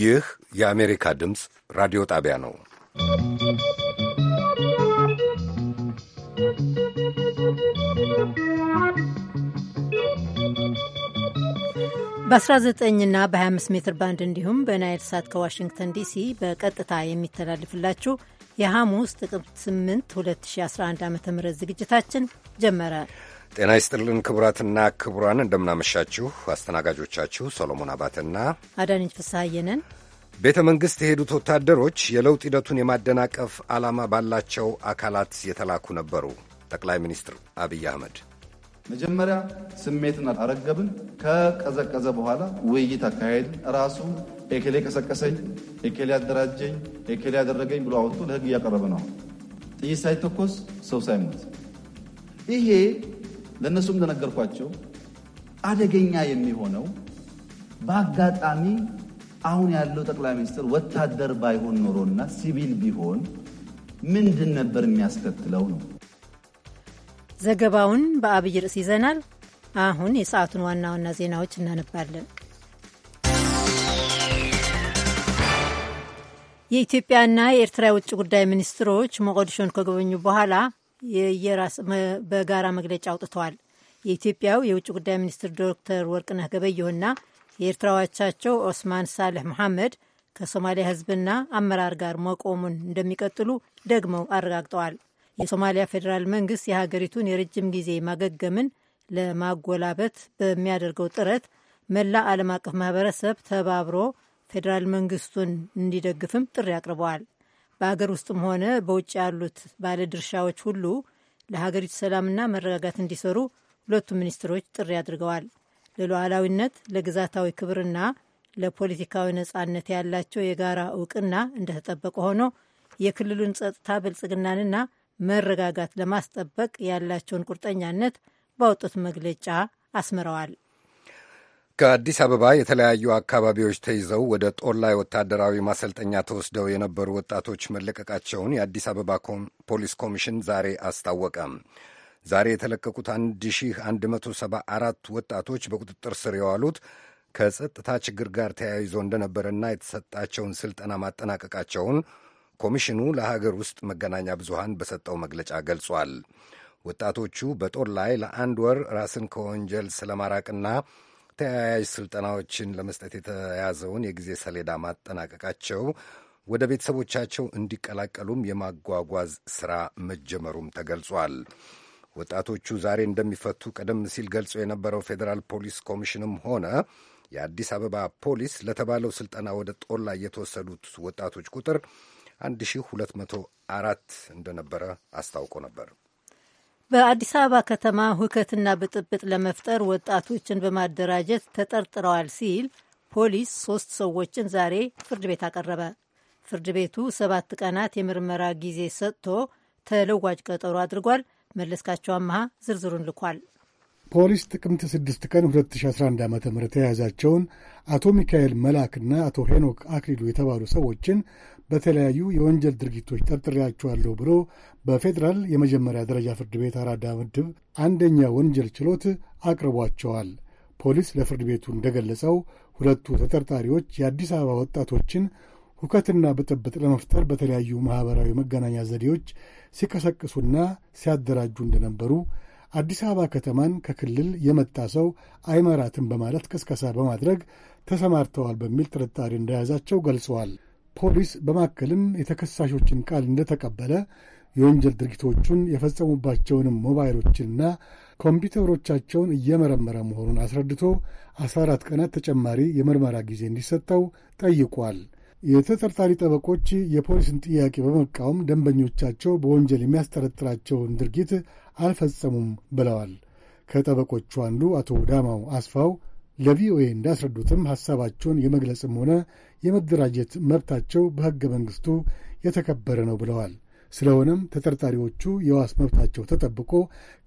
ይህ የአሜሪካ ድምፅ ራዲዮ ጣቢያ ነው። በ19ና በ25 ሜትር ባንድ እንዲሁም በናይል ሳት ከዋሽንግተን ዲሲ በቀጥታ የሚተላልፍላችሁ የሐሙስ ጥቅምት 8 2011 ዓ ም ዝግጅታችን ጀመረ። ጤና ይስጥልን ክቡራትና ክቡራን፣ እንደምናመሻችሁ። አስተናጋጆቻችሁ ሰሎሞን አባተና አዳነች ፍስሐየነን። ቤተ መንግሥት የሄዱት ወታደሮች የለውጥ ሂደቱን የማደናቀፍ ዓላማ ባላቸው አካላት የተላኩ ነበሩ። ጠቅላይ ሚኒስትር አብይ አህመድ መጀመሪያ ስሜትን አረገብን። ከቀዘቀዘ በኋላ ውይይት አካሄድ ራሱ ኤኬሌ ቀሰቀሰኝ፣ ኤኬሌ አደራጀኝ፣ ኤኬሌ ያደረገኝ ብሎ አወጥቶ ለሕግ እያቀረበ ነው። ጥይት ሳይተኮስ ሰው ሳይሞት ይሄ ለእነሱም እንደነገርኳቸው አደገኛ የሚሆነው በአጋጣሚ አሁን ያለው ጠቅላይ ሚኒስትር ወታደር ባይሆን ኖሮና ሲቪል ቢሆን ምንድን ነበር የሚያስከትለው ነው። ዘገባውን በአብይ ርዕስ ይዘናል። አሁን የሰዓቱን ዋና ዋና ዜናዎች እናነባለን። የኢትዮጵያና የኤርትራ የውጭ ጉዳይ ሚኒስትሮች ሞቃዲሾን ከጎበኙ በኋላ የየራስ በጋራ መግለጫ አውጥተዋል። የኢትዮጵያው የውጭ ጉዳይ ሚኒስትር ዶክተር ወርቅነህ ገበየሁና የኤርትራዎቻቸው ኦስማን ሳልሕ መሐመድ ከሶማሊያ ሕዝብና አመራር ጋር መቆሙን እንደሚቀጥሉ ደግመው አረጋግጠዋል። የሶማሊያ ፌዴራል መንግስት የሀገሪቱን የረጅም ጊዜ ማገገምን ለማጎላበት በሚያደርገው ጥረት መላ ዓለም አቀፍ ማህበረሰብ ተባብሮ ፌዴራል መንግስቱን እንዲደግፍም ጥሪ አቅርበዋል። በሀገር ውስጥም ሆነ በውጭ ያሉት ባለድርሻዎች ሁሉ ለሀገሪቱ ሰላምና መረጋጋት እንዲሰሩ ሁለቱም ሚኒስትሮች ጥሪ አድርገዋል። ለሉዓላዊነት፣ ለግዛታዊ ክብርና ለፖለቲካዊ ነጻነት ያላቸው የጋራ እውቅና እንደተጠበቀ ሆኖ የክልሉን ጸጥታ ብልጽግናንና መረጋጋት ለማስጠበቅ ያላቸውን ቁርጠኛነት ባወጡት መግለጫ አስምረዋል። ከአዲስ አበባ የተለያዩ አካባቢዎች ተይዘው ወደ ጦላይ ወታደራዊ ማሰልጠኛ ተወስደው የነበሩ ወጣቶች መለቀቃቸውን የአዲስ አበባ ፖሊስ ኮሚሽን ዛሬ አስታወቀ። ዛሬ የተለቀቁት 1174 ወጣቶች በቁጥጥር ስር የዋሉት ከጸጥታ ችግር ጋር ተያይዞ እንደነበረና የተሰጣቸውን ስልጠና ማጠናቀቃቸውን ኮሚሽኑ ለሀገር ውስጥ መገናኛ ብዙሃን በሰጠው መግለጫ ገልጿል። ወጣቶቹ በጦር ላይ ለአንድ ወር ራስን ከወንጀል ስለማራቅና ተያያዥ ስልጠናዎችን ለመስጠት የተያዘውን የጊዜ ሰሌዳ ማጠናቀቃቸው ወደ ቤተሰቦቻቸው እንዲቀላቀሉም የማጓጓዝ ሥራ መጀመሩም ተገልጿል። ወጣቶቹ ዛሬ እንደሚፈቱ ቀደም ሲል ገልጾ የነበረው ፌዴራል ፖሊስ ኮሚሽንም ሆነ የአዲስ አበባ ፖሊስ ለተባለው ስልጠና ወደ ጦላ የተወሰዱት ወጣቶች ቁጥር 1204 እንደነበረ አስታውቆ ነበር። በአዲስ አበባ ከተማ ሁከትና ብጥብጥ ለመፍጠር ወጣቶችን በማደራጀት ተጠርጥረዋል ሲል ፖሊስ ሶስት ሰዎችን ዛሬ ፍርድ ቤት አቀረበ። ፍርድ ቤቱ ሰባት ቀናት የምርመራ ጊዜ ሰጥቶ ተለዋጭ ቀጠሮ አድርጓል። መለስካቸው አመሃ ዝርዝሩን ልኳል። ፖሊስ ጥቅምት 6 ቀን 2011 ዓ ም የያዛቸውን አቶ ሚካኤል መላክና አቶ ሄኖክ አክሊሉ የተባሉ ሰዎችን በተለያዩ የወንጀል ድርጊቶች ጠርጥሬያቸዋለሁ ብሎ በፌዴራል የመጀመሪያ ደረጃ ፍርድ ቤት አራዳ ምድብ አንደኛ ወንጀል ችሎት አቅርቧቸዋል። ፖሊስ ለፍርድ ቤቱ እንደገለጸው ሁለቱ ተጠርጣሪዎች የአዲስ አበባ ወጣቶችን ሁከትና ብጥብጥ ለመፍጠር በተለያዩ ማኅበራዊ መገናኛ ዘዴዎች ሲቀሰቅሱና ሲያደራጁ እንደነበሩ አዲስ አበባ ከተማን ከክልል የመጣ ሰው አይመራትም በማለት ቅስቀሳ በማድረግ ተሰማርተዋል በሚል ጥርጣሬ እንደያዛቸው ገልጸዋል። ፖሊስ በማከልም የተከሳሾችን ቃል እንደተቀበለ የወንጀል ድርጊቶቹን የፈጸሙባቸውንም ሞባይሎችንና ኮምፒውተሮቻቸውን እየመረመረ መሆኑን አስረድቶ 14 ቀናት ተጨማሪ የምርመራ ጊዜ እንዲሰጠው ጠይቋል። የተጠርጣሪ ጠበቆች የፖሊስን ጥያቄ በመቃወም ደንበኞቻቸው በወንጀል የሚያስጠረጥራቸውን ድርጊት አልፈጸሙም ብለዋል። ከጠበቆቹ አንዱ አቶ ዳማው አስፋው ለቪኦኤ እንዳስረዱትም ሐሳባቸውን የመግለጽም ሆነ የመደራጀት መብታቸው በሕገ መንግሥቱ የተከበረ ነው ብለዋል። ስለሆነም ተጠርጣሪዎቹ የዋስ መብታቸው ተጠብቆ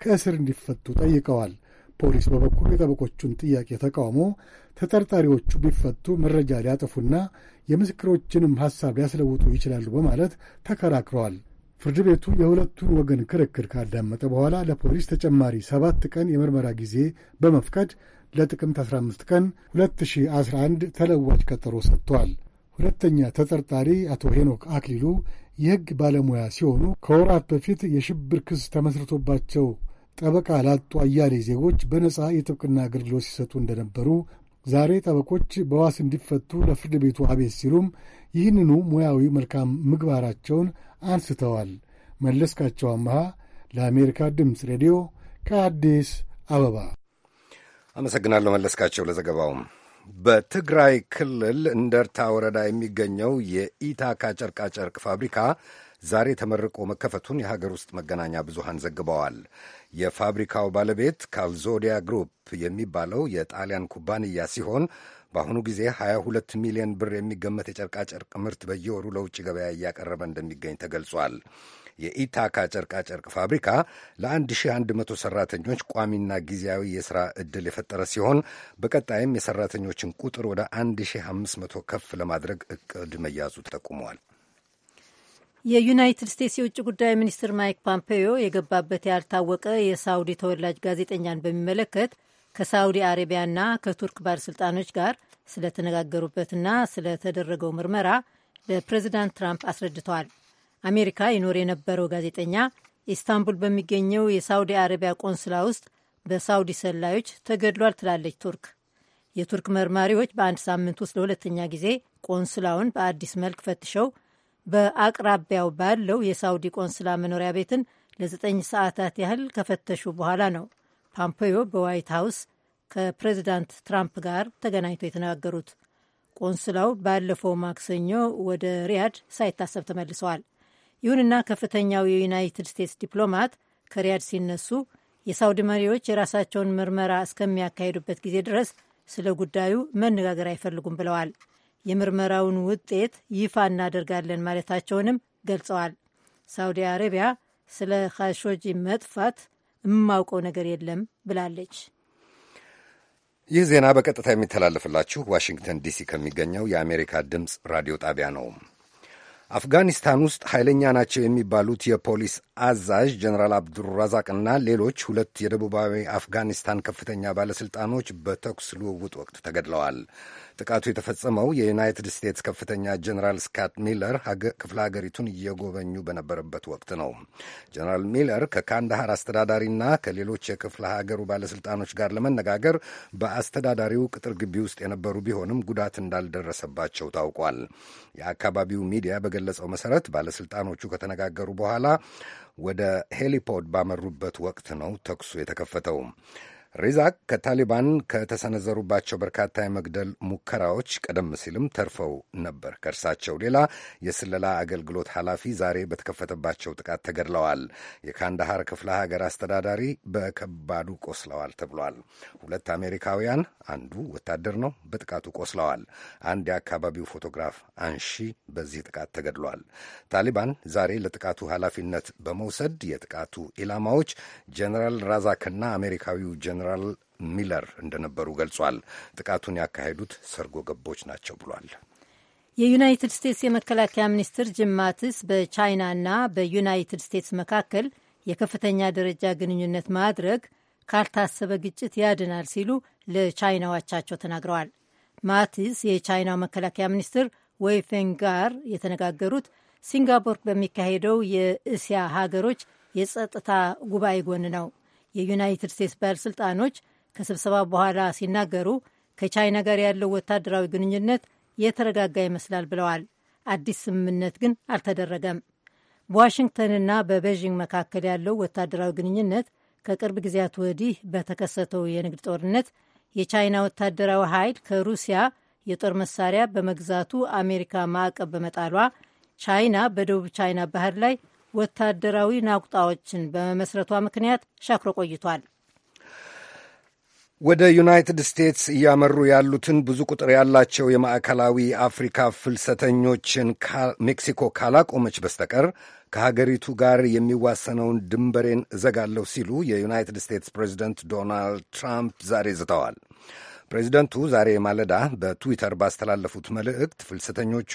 ከእስር እንዲፈቱ ጠይቀዋል። ፖሊስ በበኩሉ የጠበቆቹን ጥያቄ ተቃውሞ ተጠርጣሪዎቹ ቢፈቱ መረጃ ሊያጠፉና የምስክሮችንም ሐሳብ ሊያስለውጡ ይችላሉ በማለት ተከራክረዋል። ፍርድ ቤቱ የሁለቱን ወገን ክርክር ካዳመጠ በኋላ ለፖሊስ ተጨማሪ ሰባት ቀን የምርመራ ጊዜ በመፍቀድ ለጥቅምት 15 ቀን 2011 ተለዋጭ ቀጠሮ ሰጥቷል። ሁለተኛ ተጠርጣሪ አቶ ሄኖክ አክሊሉ የሕግ ባለሙያ ሲሆኑ ከወራት በፊት የሽብር ክስ ተመስርቶባቸው ጠበቃ ላጡ አያሌ ዜጎች በነጻ የጥብቅና አገልግሎት ሲሰጡ እንደነበሩ ዛሬ ጠበቆች በዋስ እንዲፈቱ ለፍርድ ቤቱ አቤት ሲሉም ይህንኑ ሙያዊ መልካም ምግባራቸውን አንስተዋል። መለስካቸው አመሃ ለአሜሪካ ድምፅ ሬዲዮ ከአዲስ አበባ አመሰግናለሁ መለስካቸው ለዘገባውም። በትግራይ ክልል እንደርታ ወረዳ የሚገኘው የኢታካ ጨርቃጨርቅ ፋብሪካ ዛሬ ተመርቆ መከፈቱን የሀገር ውስጥ መገናኛ ብዙሃን ዘግበዋል። የፋብሪካው ባለቤት ካልዞዲያ ግሩፕ የሚባለው የጣሊያን ኩባንያ ሲሆን በአሁኑ ጊዜ 22 ሚሊዮን ብር የሚገመት የጨርቃጨርቅ ምርት በየወሩ ለውጭ ገበያ እያቀረበ እንደሚገኝ ተገልጿል። የኢታካ ጨርቃጨርቅ ፋብሪካ ለ1100 ሰራተኞች ቋሚና ጊዜያዊ የሥራ ዕድል የፈጠረ ሲሆን በቀጣይም የሠራተኞችን ቁጥር ወደ 1500 ከፍ ለማድረግ እቅድ መያዙ ተጠቁመዋል። የዩናይትድ ስቴትስ የውጭ ጉዳይ ሚኒስትር ማይክ ፖምፔዮ የገባበት ያልታወቀ የሳውዲ ተወላጅ ጋዜጠኛን በሚመለከት ከሳውዲ አረቢያና ከቱርክ ባለሥልጣኖች ጋር ስለተነጋገሩበትና ስለተደረገው ምርመራ ለፕሬዚዳንት ትራምፕ አስረድተዋል። አሜሪካ ይኖር የነበረው ጋዜጠኛ ኢስታንቡል በሚገኘው የሳውዲ አረቢያ ቆንስላ ውስጥ በሳውዲ ሰላዮች ተገድሏል ትላለች ቱርክ። የቱርክ መርማሪዎች በአንድ ሳምንት ውስጥ ለሁለተኛ ጊዜ ቆንስላውን በአዲስ መልክ ፈትሸው በአቅራቢያው ባለው የሳውዲ ቆንስላ መኖሪያ ቤትን ለዘጠኝ ሰዓታት ያህል ከፈተሹ በኋላ ነው ፓምፖዮ በዋይት ሀውስ ከፕሬዚዳንት ትራምፕ ጋር ተገናኝቶ የተናገሩት። ቆንስላው ባለፈው ማክሰኞ ወደ ሪያድ ሳይታሰብ ተመልሰዋል። ይሁንና ከፍተኛው የዩናይትድ ስቴትስ ዲፕሎማት ከሪያድ ሲነሱ የሳውዲ መሪዎች የራሳቸውን ምርመራ እስከሚያካሂዱበት ጊዜ ድረስ ስለ ጉዳዩ መነጋገር አይፈልጉም ብለዋል። የምርመራውን ውጤት ይፋ እናደርጋለን ማለታቸውንም ገልጸዋል። ሳውዲ አረቢያ ስለ ካሾጂ መጥፋት የማውቀው ነገር የለም ብላለች። ይህ ዜና በቀጥታ የሚተላለፍላችሁ ዋሽንግተን ዲሲ ከሚገኘው የአሜሪካ ድምፅ ራዲዮ ጣቢያ ነው። አፍጋኒስታን ውስጥ ኃይለኛ ናቸው የሚባሉት የፖሊስ አዛዥ ጀነራል አብዱራዛቅና ሌሎች ሁለት የደቡባዊ አፍጋኒስታን ከፍተኛ ባለሥልጣኖች በተኩስ ልውውጥ ወቅት ተገድለዋል። ጥቃቱ የተፈጸመው የዩናይትድ ስቴትስ ከፍተኛ ጀነራል ስካት ሚለር ክፍለ ሀገሪቱን እየጎበኙ በነበረበት ወቅት ነው። ጀነራል ሚለር ከካንዳሃር አስተዳዳሪና ከሌሎች የክፍለ ሀገሩ ባለሥልጣኖች ጋር ለመነጋገር በአስተዳዳሪው ቅጥር ግቢ ውስጥ የነበሩ ቢሆንም ጉዳት እንዳልደረሰባቸው ታውቋል። የአካባቢው ሚዲያ በገለጸው መሰረት ባለስልጣኖቹ ከተነጋገሩ በኋላ ወደ ሄሊፖድ ባመሩበት ወቅት ነው ተኩሱ የተከፈተው። ሪዛቅ ከታሊባን ከተሰነዘሩባቸው በርካታ የመግደል ሙከራዎች ቀደም ሲልም ተርፈው ነበር። ከእርሳቸው ሌላ የስለላ አገልግሎት ኃላፊ ዛሬ በተከፈተባቸው ጥቃት ተገድለዋል። የካንዳሃር ክፍለ ሀገር አስተዳዳሪ በከባዱ ቆስለዋል ተብሏል። ሁለት አሜሪካውያን፣ አንዱ ወታደር ነው፣ በጥቃቱ ቆስለዋል። አንድ የአካባቢው ፎቶግራፍ አንሺ በዚህ ጥቃት ተገድሏል። ታሊባን ዛሬ ለጥቃቱ ኃላፊነት በመውሰድ የጥቃቱ ኢላማዎች ጀነራል ራዛክና አሜሪካዊው ጀኔራል ሚለር እንደነበሩ ገልጿል። ጥቃቱን ያካሄዱት ሰርጎ ገቦች ናቸው ብሏል። የዩናይትድ ስቴትስ የመከላከያ ሚኒስትር ጂም ማቲስ በቻይናና በዩናይትድ ስቴትስ መካከል የከፍተኛ ደረጃ ግንኙነት ማድረግ ካልታሰበ ግጭት ያድናል ሲሉ ለቻይናው አቻቸው ተናግረዋል። ማቲስ የቻይናው መከላከያ ሚኒስትር ወይፌን ጋር የተነጋገሩት ሲንጋፖር በሚካሄደው የእስያ ሀገሮች የጸጥታ ጉባኤ ጎን ነው። የዩናይትድ ስቴትስ ባለሥልጣኖች ከስብሰባ በኋላ ሲናገሩ ከቻይና ጋር ያለው ወታደራዊ ግንኙነት የተረጋጋ ይመስላል ብለዋል። አዲስ ስምምነት ግን አልተደረገም። በዋሽንግተንና በቤዥንግ መካከል ያለው ወታደራዊ ግንኙነት ከቅርብ ጊዜያት ወዲህ በተከሰተው የንግድ ጦርነት የቻይና ወታደራዊ ኃይል ከሩሲያ የጦር መሳሪያ በመግዛቱ አሜሪካ ማዕቀብ በመጣሏ ቻይና በደቡብ ቻይና ባህር ላይ ወታደራዊ ናቁጣዎችን በመመስረቷ ምክንያት ሻክሮ ቆይቷል። ወደ ዩናይትድ ስቴትስ እያመሩ ያሉትን ብዙ ቁጥር ያላቸው የማዕከላዊ አፍሪካ ፍልሰተኞችን ሜክሲኮ ካላቆመች በስተቀር ከሀገሪቱ ጋር የሚዋሰነውን ድንበሬን እዘጋለሁ ሲሉ የዩናይትድ ስቴትስ ፕሬዚደንት ዶናልድ ትራምፕ ዛሬ ዝተዋል። ፕሬዚደንቱ ዛሬ ማለዳ በትዊተር ባስተላለፉት መልእክት ፍልሰተኞቹ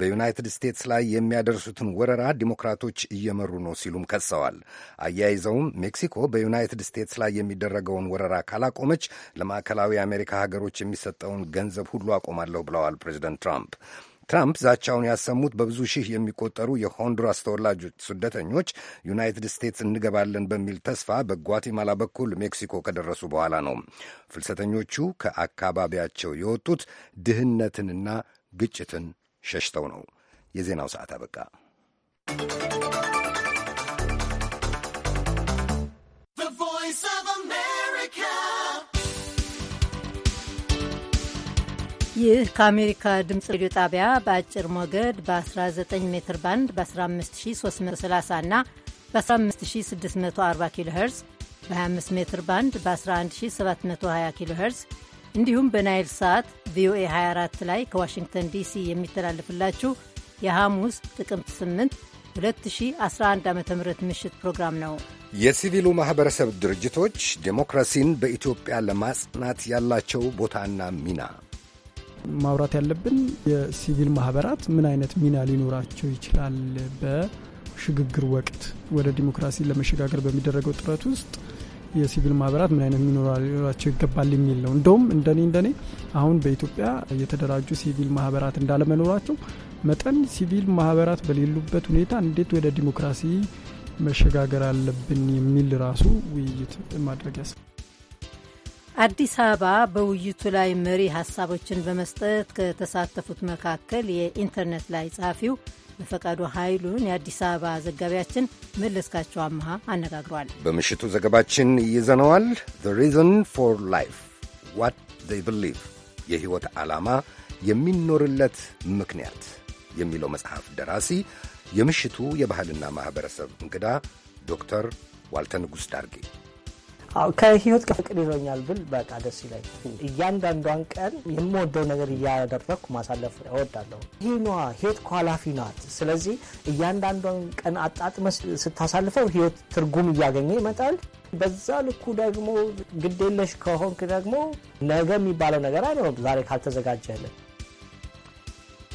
በዩናይትድ ስቴትስ ላይ የሚያደርሱትን ወረራ ዲሞክራቶች እየመሩ ነው ሲሉም ከሰዋል። አያይዘውም ሜክሲኮ በዩናይትድ ስቴትስ ላይ የሚደረገውን ወረራ ካላቆመች ለማዕከላዊ አሜሪካ ሀገሮች የሚሰጠውን ገንዘብ ሁሉ አቆማለሁ ብለዋል ፕሬዚደንት ትራምፕ። ትራምፕ ዛቻውን ያሰሙት በብዙ ሺህ የሚቆጠሩ የሆንዱራስ ተወላጆች ስደተኞች ዩናይትድ ስቴትስ እንገባለን በሚል ተስፋ በጓቴማላ በኩል ሜክሲኮ ከደረሱ በኋላ ነው። ፍልሰተኞቹ ከአካባቢያቸው የወጡት ድህነትንና ግጭትን ሸሽተው ነው። የዜናው ሰዓት አበቃ። ይህ ከአሜሪካ ድምፅ ሬዲዮ ጣቢያ በአጭር ሞገድ በ19 ሜትር ባንድ በ15330 እና በ15640 ኪሎ ሄርዝ በ25 ሜትር ባንድ በ11720 ኪሎ ሄርዝ እንዲሁም በናይል ሰዓት ቪኦኤ 24 ላይ ከዋሽንግተን ዲሲ የሚተላለፍላችሁ የሐሙስ ጥቅምት 8 2011 ዓ ም ምሽት ፕሮግራም ነው። የሲቪሉ ማኅበረሰብ ድርጅቶች ዴሞክራሲን በኢትዮጵያ ለማጽናት ያላቸው ቦታና ሚና ማውራት ያለብን የሲቪል ማህበራት ምን አይነት ሚና ሊኖራቸው ይችላል በሽግግር ወቅት ወደ ዲሞክራሲ ለመሸጋገር በሚደረገው ጥረት ውስጥ የሲቪል ማህበራት ምን አይነት ሚኖራ ሊኖራቸው ይገባል የሚል ነው። እንደውም እንደኔ እንደኔ አሁን በኢትዮጵያ የተደራጁ ሲቪል ማህበራት እንዳለመኖራቸው መጠን ሲቪል ማህበራት በሌሉበት ሁኔታ እንዴት ወደ ዲሞክራሲ መሸጋገር አለብን የሚል ራሱ ውይይት ማድረግ ያስ አዲስ አበባ በውይይቱ ላይ መሪ ሀሳቦችን በመስጠት ከተሳተፉት መካከል የኢንተርኔት ላይ ጸሐፊው በፈቃዱ ኃይሉን የአዲስ አበባ ዘጋቢያችን መለስካቸው አመሃ አነጋግሯል። በምሽቱ ዘገባችን ይዘነዋል። ዘ ሪዝን ፎር ላይፍ ዋት ዘይ ብሊቭ የሕይወት ዓላማ የሚኖርለት ምክንያት የሚለው መጽሐፍ ደራሲ የምሽቱ የባህልና ማኅበረሰብ እንግዳ ዶክተር ዋልተ ንጉሥ ዳርጌ ከህይወት ከፍቅር ይዞኛል ብል በቃ ደስ ይላል። እያንዳንዷን ቀን የምወደው ነገር እያደረግኩ ማሳለፍ እወዳለሁ። ይህ ነዋ ህይወት ኋላፊ ናት። ስለዚህ እያንዳንዷን ቀን አጣጥመ ስታሳልፈው ህይወት ትርጉም እያገኘ ይመጣል። በዛ ልኩ ደግሞ ግዴለሽ ከሆንክ ደግሞ ነገ የሚባለው ነገር አይኖርም ዛሬ ካልተዘጋጀልን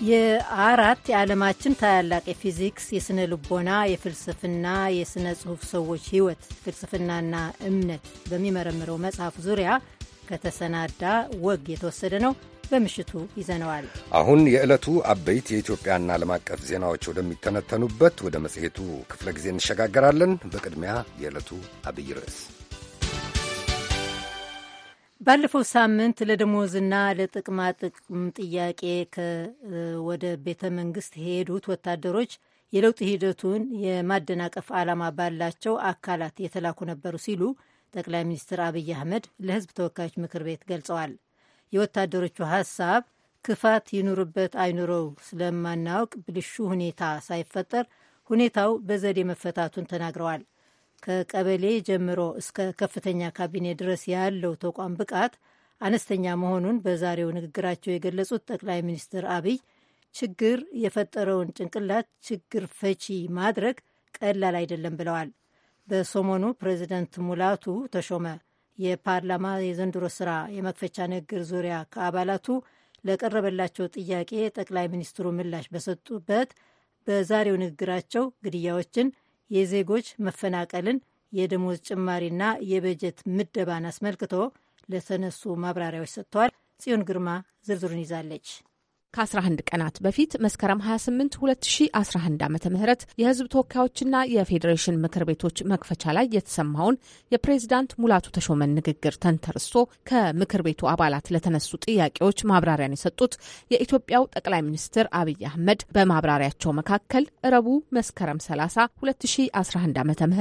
የአራት የዓለማችን ታላላቅ የፊዚክስ፣ የሥነ ልቦና፣ የፍልስፍና፣ የሥነ ጽሑፍ ሰዎች ሕይወት ፍልስፍናና እምነት በሚመረምረው መጽሐፍ ዙሪያ ከተሰናዳ ወግ የተወሰደ ነው። በምሽቱ ይዘነዋል። አሁን የዕለቱ አበይት የኢትዮጵያና ዓለም አቀፍ ዜናዎች ወደሚተነተኑበት ወደ መጽሔቱ ክፍለ ጊዜ እንሸጋገራለን። በቅድሚያ የዕለቱ አብይ ርዕስ ባለፈው ሳምንት ለደሞዝና ለጥቅማጥቅም ጥያቄ ወደ ቤተ መንግስት የሄዱት ወታደሮች የለውጥ ሂደቱን የማደናቀፍ ዓላማ ባላቸው አካላት የተላኩ ነበሩ ሲሉ ጠቅላይ ሚኒስትር አብይ አህመድ ለሕዝብ ተወካዮች ምክር ቤት ገልጸዋል። የወታደሮቹ ሀሳብ ክፋት ይኑርበት አይኑረው ስለማናውቅ ብልሹ ሁኔታ ሳይፈጠር ሁኔታው በዘዴ መፈታቱን ተናግረዋል። ከቀበሌ ጀምሮ እስከ ከፍተኛ ካቢኔ ድረስ ያለው ተቋም ብቃት አነስተኛ መሆኑን በዛሬው ንግግራቸው የገለጹት ጠቅላይ ሚኒስትር አብይ ችግር የፈጠረውን ጭንቅላት ችግር ፈቺ ማድረግ ቀላል አይደለም ብለዋል። በሰሞኑ ፕሬዚደንት ሙላቱ ተሾመ የፓርላማ የዘንድሮ ስራ የመክፈቻ ንግግር ዙሪያ ከአባላቱ ለቀረበላቸው ጥያቄ ጠቅላይ ሚኒስትሩ ምላሽ በሰጡበት በዛሬው ንግግራቸው ግድያዎችን የዜጎች መፈናቀልን፣ የደሞዝ ጭማሪና የበጀት ምደባን አስመልክቶ ለተነሱ ማብራሪያዎች ሰጥተዋል። ጽዮን ግርማ ዝርዝሩን ይዛለች። ከ11 ቀናት በፊት መስከረም 28 2011 ዓ ም የህዝብ ተወካዮችና የፌዴሬሽን ምክር ቤቶች መክፈቻ ላይ የተሰማውን የፕሬዝዳንት ሙላቱ ተሾመን ንግግር ተንተርሶ ከምክር ቤቱ አባላት ለተነሱ ጥያቄዎች ማብራሪያን የሰጡት የኢትዮጵያው ጠቅላይ ሚኒስትር አብይ አህመድ በማብራሪያቸው መካከል እረቡ መስከረም 30 2011 ዓ ም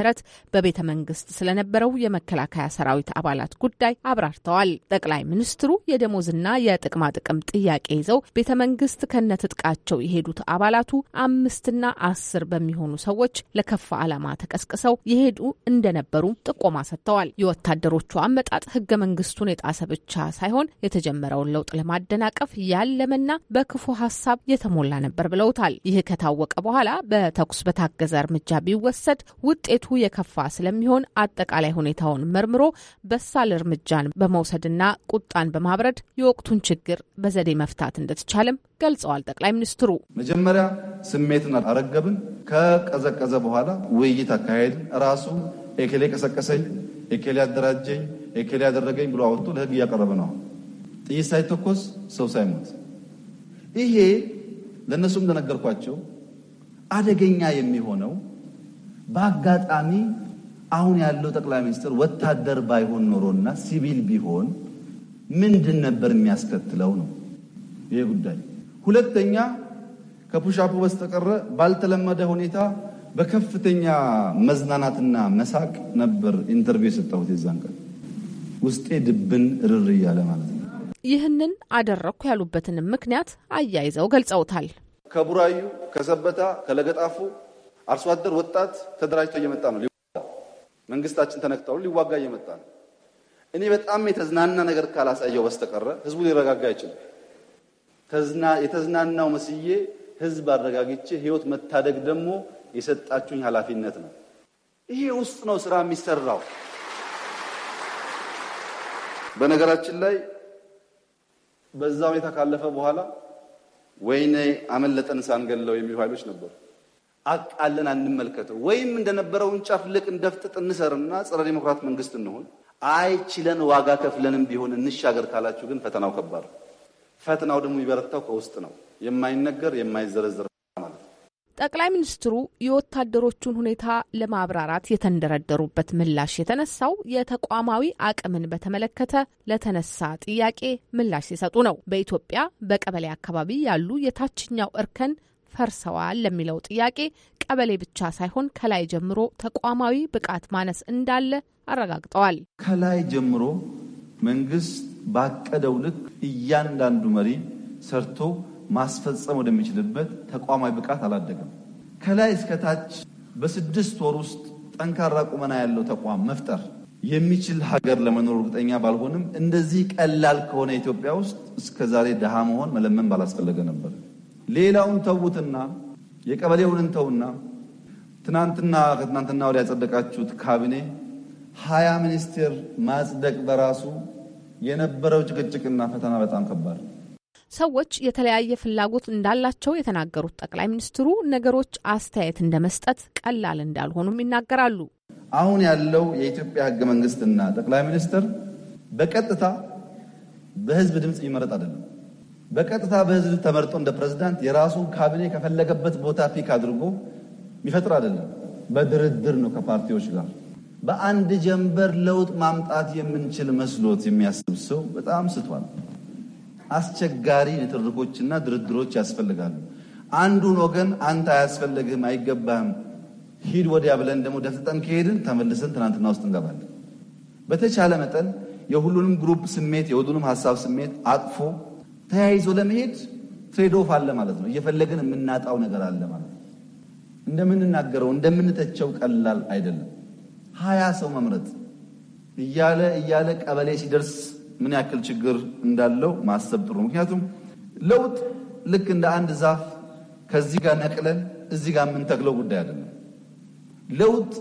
በቤተ መንግስት ስለነበረው የመከላከያ ሰራዊት አባላት ጉዳይ አብራርተዋል። ጠቅላይ ሚኒስትሩ የደሞዝና የጥቅማጥቅም ጥያቄ ይዘው ቤተ መንግስት ከነትጥቃቸው የሄዱት አባላቱ አምስትና አስር በሚሆኑ ሰዎች ለከፋ ዓላማ ተቀስቅሰው የሄዱ እንደነበሩ ጥቆማ ሰጥተዋል። የወታደሮቹ አመጣጥ ህገ መንግስቱን የጣሰ ብቻ ሳይሆን የተጀመረውን ለውጥ ለማደናቀፍ ያለመና በክፉ ሀሳብ የተሞላ ነበር ብለውታል። ይህ ከታወቀ በኋላ በተኩስ በታገዘ እርምጃ ቢወሰድ ውጤቱ የከፋ ስለሚሆን አጠቃላይ ሁኔታውን መርምሮ በሳል እርምጃን በመውሰድና ቁጣን በማብረድ የወቅቱን ችግር በዘዴ መፍታት እንደተቻለ እንደሚቻልም ገልጸዋል። ጠቅላይ ሚኒስትሩ መጀመሪያ ስሜትን አረገብን፣ ከቀዘቀዘ በኋላ ውይይት አካሄድን። ራሱ ኤኬሌ ቀሰቀሰኝ፣ ኤኬሌ አደራጀኝ፣ ኤኬሌ ያደረገኝ ብሎ አወጡ። ለህግ እያቀረበ ነው። ጥይት ሳይተኮስ ሰው ሳይሞት ይሄ ለእነሱም እንደነገርኳቸው አደገኛ የሚሆነው በአጋጣሚ አሁን ያለው ጠቅላይ ሚኒስትር ወታደር ባይሆን ኖሮና ሲቪል ቢሆን ምንድን ነበር የሚያስከትለው ነው። ይሄ ጉዳይ። ሁለተኛ ከፑሻፑ በስተቀረ ባልተለመደ ሁኔታ በከፍተኛ መዝናናትና መሳቅ ነበር ኢንተርቪው የሰጠሁት። የዛን ቀን ውስጤ ድብን እርር እያለ ማለት ነው። ይህንን አደረግኩ ያሉበትንም ምክንያት አያይዘው ገልጸውታል። ከቡራዩ፣ ከሰበታ፣ ከለገጣፉ አርሶ አደር ወጣት ተደራጅቶ እየመጣ ነው። መንግስታችን ተነክተው ሊዋጋ እየመጣ ነው። እኔ በጣም የተዝናና ነገር ካላሳየው በስተቀረ ህዝቡ ሊረጋጋ አይችልም። የተዝናናው መስዬ ህዝብ አረጋግቼ ህይወት መታደግ ደግሞ የሰጣችሁኝ ኃላፊነት ነው። ይሄ ውስጥ ነው ስራ የሚሰራው። በነገራችን ላይ በዛ ሁኔታ ካለፈ በኋላ ወይኔ አመለጠን ሳንገለው የሚሉ ኃይሎች ነበሩ። አቃለን አንመልከተው፣ ወይም እንደነበረውን ጫፍ እንደፍጥጥ እንሰርና ጸረ ዲሞክራት መንግስት እንሆን። አይችለን ዋጋ ከፍለንም ቢሆን እንሻገር ካላችሁ ግን ፈተናው ከባድ ነው። ፈተናው ደግሞ የሚበረታው ከውስጥ ነው። የማይነገር የማይዘረዝር ጠቅላይ ሚኒስትሩ የወታደሮቹን ሁኔታ ለማብራራት የተንደረደሩበት ምላሽ የተነሳው የተቋማዊ አቅምን በተመለከተ ለተነሳ ጥያቄ ምላሽ ሲሰጡ ነው። በኢትዮጵያ በቀበሌ አካባቢ ያሉ የታችኛው እርከን ፈርሰዋል ለሚለው ጥያቄ ቀበሌ ብቻ ሳይሆን ከላይ ጀምሮ ተቋማዊ ብቃት ማነስ እንዳለ አረጋግጠዋል። ከላይ ጀምሮ መንግስት ባቀደው ልክ እያንዳንዱ መሪ ሰርቶ ማስፈጸም ወደሚችልበት ተቋማዊ ብቃት አላደገም። ከላይ እስከታች በስድስት ወር ውስጥ ጠንካራ ቁመና ያለው ተቋም መፍጠር የሚችል ሀገር ለመኖር እርግጠኛ ባልሆንም እንደዚህ ቀላል ከሆነ ኢትዮጵያ ውስጥ እስከዛሬ ድሃ መሆን መለመን ባላስፈለገ ነበር። ሌላውን ተዉትና የቀበሌውን እንተውና ትናንትና ከትናንትና ወዲያ ያጸደቃችሁት ካቢኔ ሀያ ሚኒስቴር ማጽደቅ በራሱ የነበረው ጭቅጭቅና ፈተና በጣም ከባድ ነው። ሰዎች የተለያየ ፍላጎት እንዳላቸው የተናገሩት ጠቅላይ ሚኒስትሩ ነገሮች አስተያየት እንደ መስጠት ቀላል እንዳልሆኑም ይናገራሉ። አሁን ያለው የኢትዮጵያ ሕገ መንግስትና ጠቅላይ ሚኒስትር በቀጥታ በህዝብ ድምፅ የሚመረጥ አይደለም። በቀጥታ በህዝብ ተመርጦ እንደ ፕሬዝዳንት የራሱ ካቢኔ ከፈለገበት ቦታ ፒክ አድርጎ የሚፈጥር አይደለም። በድርድር ነው ከፓርቲዎች ጋር በአንድ ጀንበር ለውጥ ማምጣት የምንችል መስሎት የሚያስብ ሰው በጣም ስቷል። አስቸጋሪ ንትርኮችና ድርድሮች ያስፈልጋሉ። አንዱን ወገን አንተ አያስፈልግህም፣ አይገባህም፣ ሂድ ወዲያ ብለን ደግሞ ደፍጠን ከሄድን ተመልሰን ትናንትና ውስጥ እንገባለን። በተቻለ መጠን የሁሉንም ግሩፕ ስሜት የሁሉንም ሀሳብ ስሜት አቅፎ ተያይዞ ለመሄድ ትሬድ አለ ማለት ነው። እየፈለግን የምናጣው ነገር አለ ማለት ነው። እንደምንናገረው እንደምንተቸው ቀላል አይደለም። ሀያ ሰው መምረጥ እያለ እያለ ቀበሌ ሲደርስ ምን ያክል ችግር እንዳለው ማሰብ ጥሩ። ምክንያቱም ለውጥ ልክ እንደ አንድ ዛፍ ከዚህ ጋር ነቅለን እዚህ ጋር የምንተክለው ጉዳይ አይደለም። ለውጥ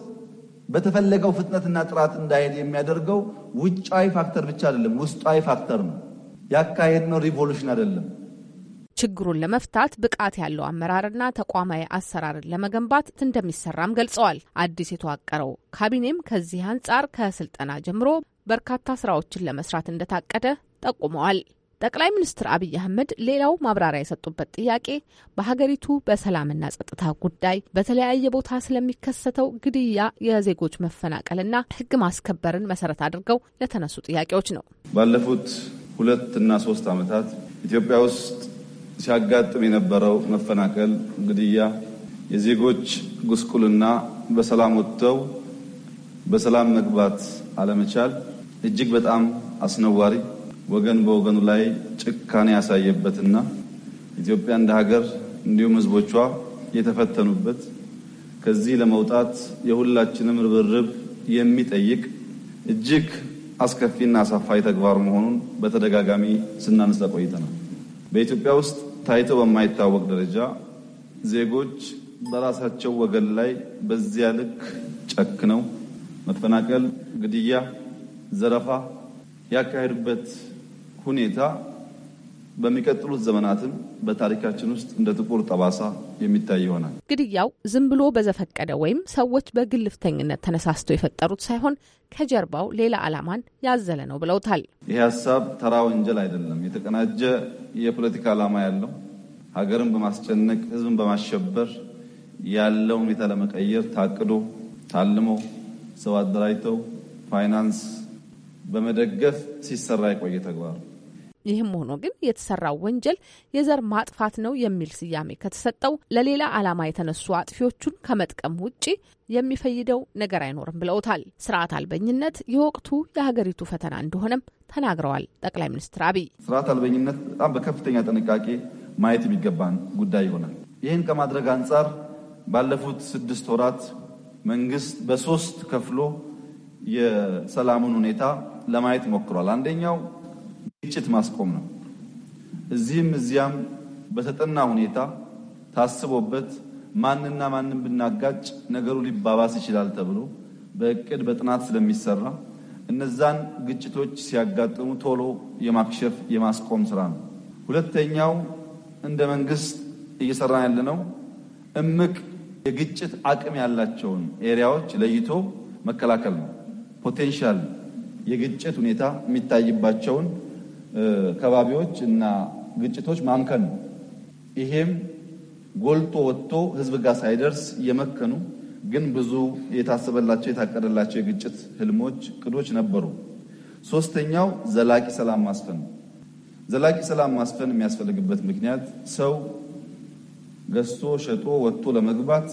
በተፈለገው ፍጥነትና ጥራት እንዳይሄድ የሚያደርገው ውጫዊ ፋክተር ብቻ አይደለም፣ ውስጣዊ ፋክተር ነው። ያካሄድነው ሪቮሉሽን አይደለም። ችግሩን ለመፍታት ብቃት ያለው አመራርና ተቋማዊ አሰራርን ለመገንባት እንደሚሰራም ገልጸዋል። አዲስ የተዋቀረው ካቢኔም ከዚህ አንጻር ከስልጠና ጀምሮ በርካታ ስራዎችን ለመስራት እንደታቀደ ጠቁመዋል። ጠቅላይ ሚኒስትር አብይ አህመድ ሌላው ማብራሪያ የሰጡበት ጥያቄ በሀገሪቱ በሰላምና ጸጥታ ጉዳይ በተለያየ ቦታ ስለሚከሰተው ግድያ፣ የዜጎች መፈናቀልና ሕግ ማስከበርን መሰረት አድርገው ለተነሱ ጥያቄዎች ነው። ባለፉት ሁለት እና ሶስት ዓመታት ኢትዮጵያ ውስጥ ሲያጋጥም የነበረው መፈናቀል፣ ግድያ፣ የዜጎች ጉስቁልና፣ በሰላም ወጥተው በሰላም መግባት አለመቻል እጅግ በጣም አስነዋሪ ወገን በወገኑ ላይ ጭካኔ ያሳየበትና ኢትዮጵያ እንደ ሀገር እንዲሁም ሕዝቦቿ የተፈተኑበት ከዚህ ለመውጣት የሁላችንም ርብርብ የሚጠይቅ እጅግ አስከፊና አሳፋይ ተግባር መሆኑን በተደጋጋሚ ስናነሳ ቆይተናል። በኢትዮጵያ ውስጥ ታይቶ በማይታወቅ ደረጃ ዜጎች በራሳቸው ወገን ላይ በዚያ ልክ ጨክነው መፈናቀል፣ ግድያ፣ ዘረፋ ያካሄዱበት ሁኔታ በሚቀጥሉት ዘመናትም በታሪካችን ውስጥ እንደ ጥቁር ጠባሳ የሚታይ ይሆናል። ግድያው ዝም ብሎ በዘፈቀደ ወይም ሰዎች በግልፍተኝነት ተነሳስተው የፈጠሩት ሳይሆን ከጀርባው ሌላ ዓላማን ያዘለ ነው ብለውታል። ይህ ሀሳብ ተራ ወንጀል አይደለም። የተቀናጀ የፖለቲካ ዓላማ ያለው ሀገርን በማስጨነቅ ህዝብን በማሸበር ያለው ሁኔታ ለመቀየር ታቅዶ ታልሞ ሰው አደራጅተው ፋይናንስ በመደገፍ ሲሰራ የቆየ ተግባር ይህም ሆኖ ግን የተሰራው ወንጀል የዘር ማጥፋት ነው የሚል ስያሜ ከተሰጠው ለሌላ ዓላማ የተነሱ አጥፊዎቹን ከመጥቀም ውጪ የሚፈይደው ነገር አይኖርም ብለውታል። ስርዓት አልበኝነት የወቅቱ የሀገሪቱ ፈተና እንደሆነም ተናግረዋል። ጠቅላይ ሚኒስትር አብይ ስርዓት አልበኝነት በጣም በከፍተኛ ጥንቃቄ ማየት የሚገባን ጉዳይ ይሆናል። ይህን ከማድረግ አንጻር ባለፉት ስድስት ወራት መንግስት በሶስት ከፍሎ የሰላሙን ሁኔታ ለማየት ሞክሯል። አንደኛው ግጭት ማስቆም ነው። እዚህም እዚያም በተጠና ሁኔታ ታስቦበት ማንና ማንም ብናጋጭ ነገሩ ሊባባስ ይችላል ተብሎ በእቅድ በጥናት ስለሚሰራ እነዛን ግጭቶች ሲያጋጥሙ ቶሎ የማክሸፍ የማስቆም ስራ ነው። ሁለተኛው እንደ መንግስት እየሰራን ያለነው እምቅ የግጭት አቅም ያላቸውን ኤሪያዎች ለይቶ መከላከል ነው። ፖቴንሻል የግጭት ሁኔታ የሚታይባቸውን ከባቢዎች እና ግጭቶች ማምከን ነው። ይሄም ጎልቶ ወጥቶ ህዝብ ጋር ሳይደርስ እየመከኑ ግን ብዙ የታሰበላቸው የታቀደላቸው የግጭት ህልሞች፣ እቅዶች ነበሩ። ሶስተኛው ዘላቂ ሰላም ማስፈን ነው። ዘላቂ ሰላም ማስፈን የሚያስፈልግበት ምክንያት ሰው ገዝቶ ሸጦ ወጥቶ ለመግባት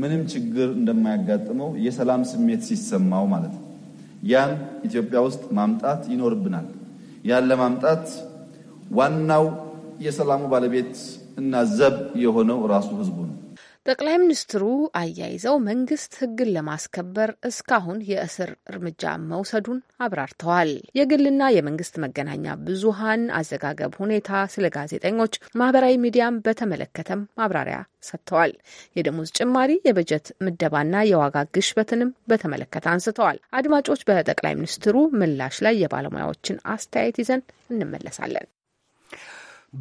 ምንም ችግር እንደማያጋጥመው የሰላም ስሜት ሲሰማው ማለት ነው። ያን ኢትዮጵያ ውስጥ ማምጣት ይኖርብናል። ያን ለማምጣት ዋናው የሰላሙ ባለቤት እና ዘብ የሆነው ራሱ ህዝቡ ነው። ጠቅላይ ሚኒስትሩ አያይዘው መንግስት ህግን ለማስከበር እስካሁን የእስር እርምጃ መውሰዱን አብራርተዋል። የግልና የመንግስት መገናኛ ብዙሃን አዘጋገብ ሁኔታ፣ ስለ ጋዜጠኞች፣ ማህበራዊ ሚዲያን በተመለከተም ማብራሪያ ሰጥተዋል። የደሞዝ ጭማሪ፣ የበጀት ምደባና የዋጋ ግሽበትንም በተመለከተ አንስተዋል። አድማጮች፣ በጠቅላይ ሚኒስትሩ ምላሽ ላይ የባለሙያዎችን አስተያየት ይዘን እንመለሳለን።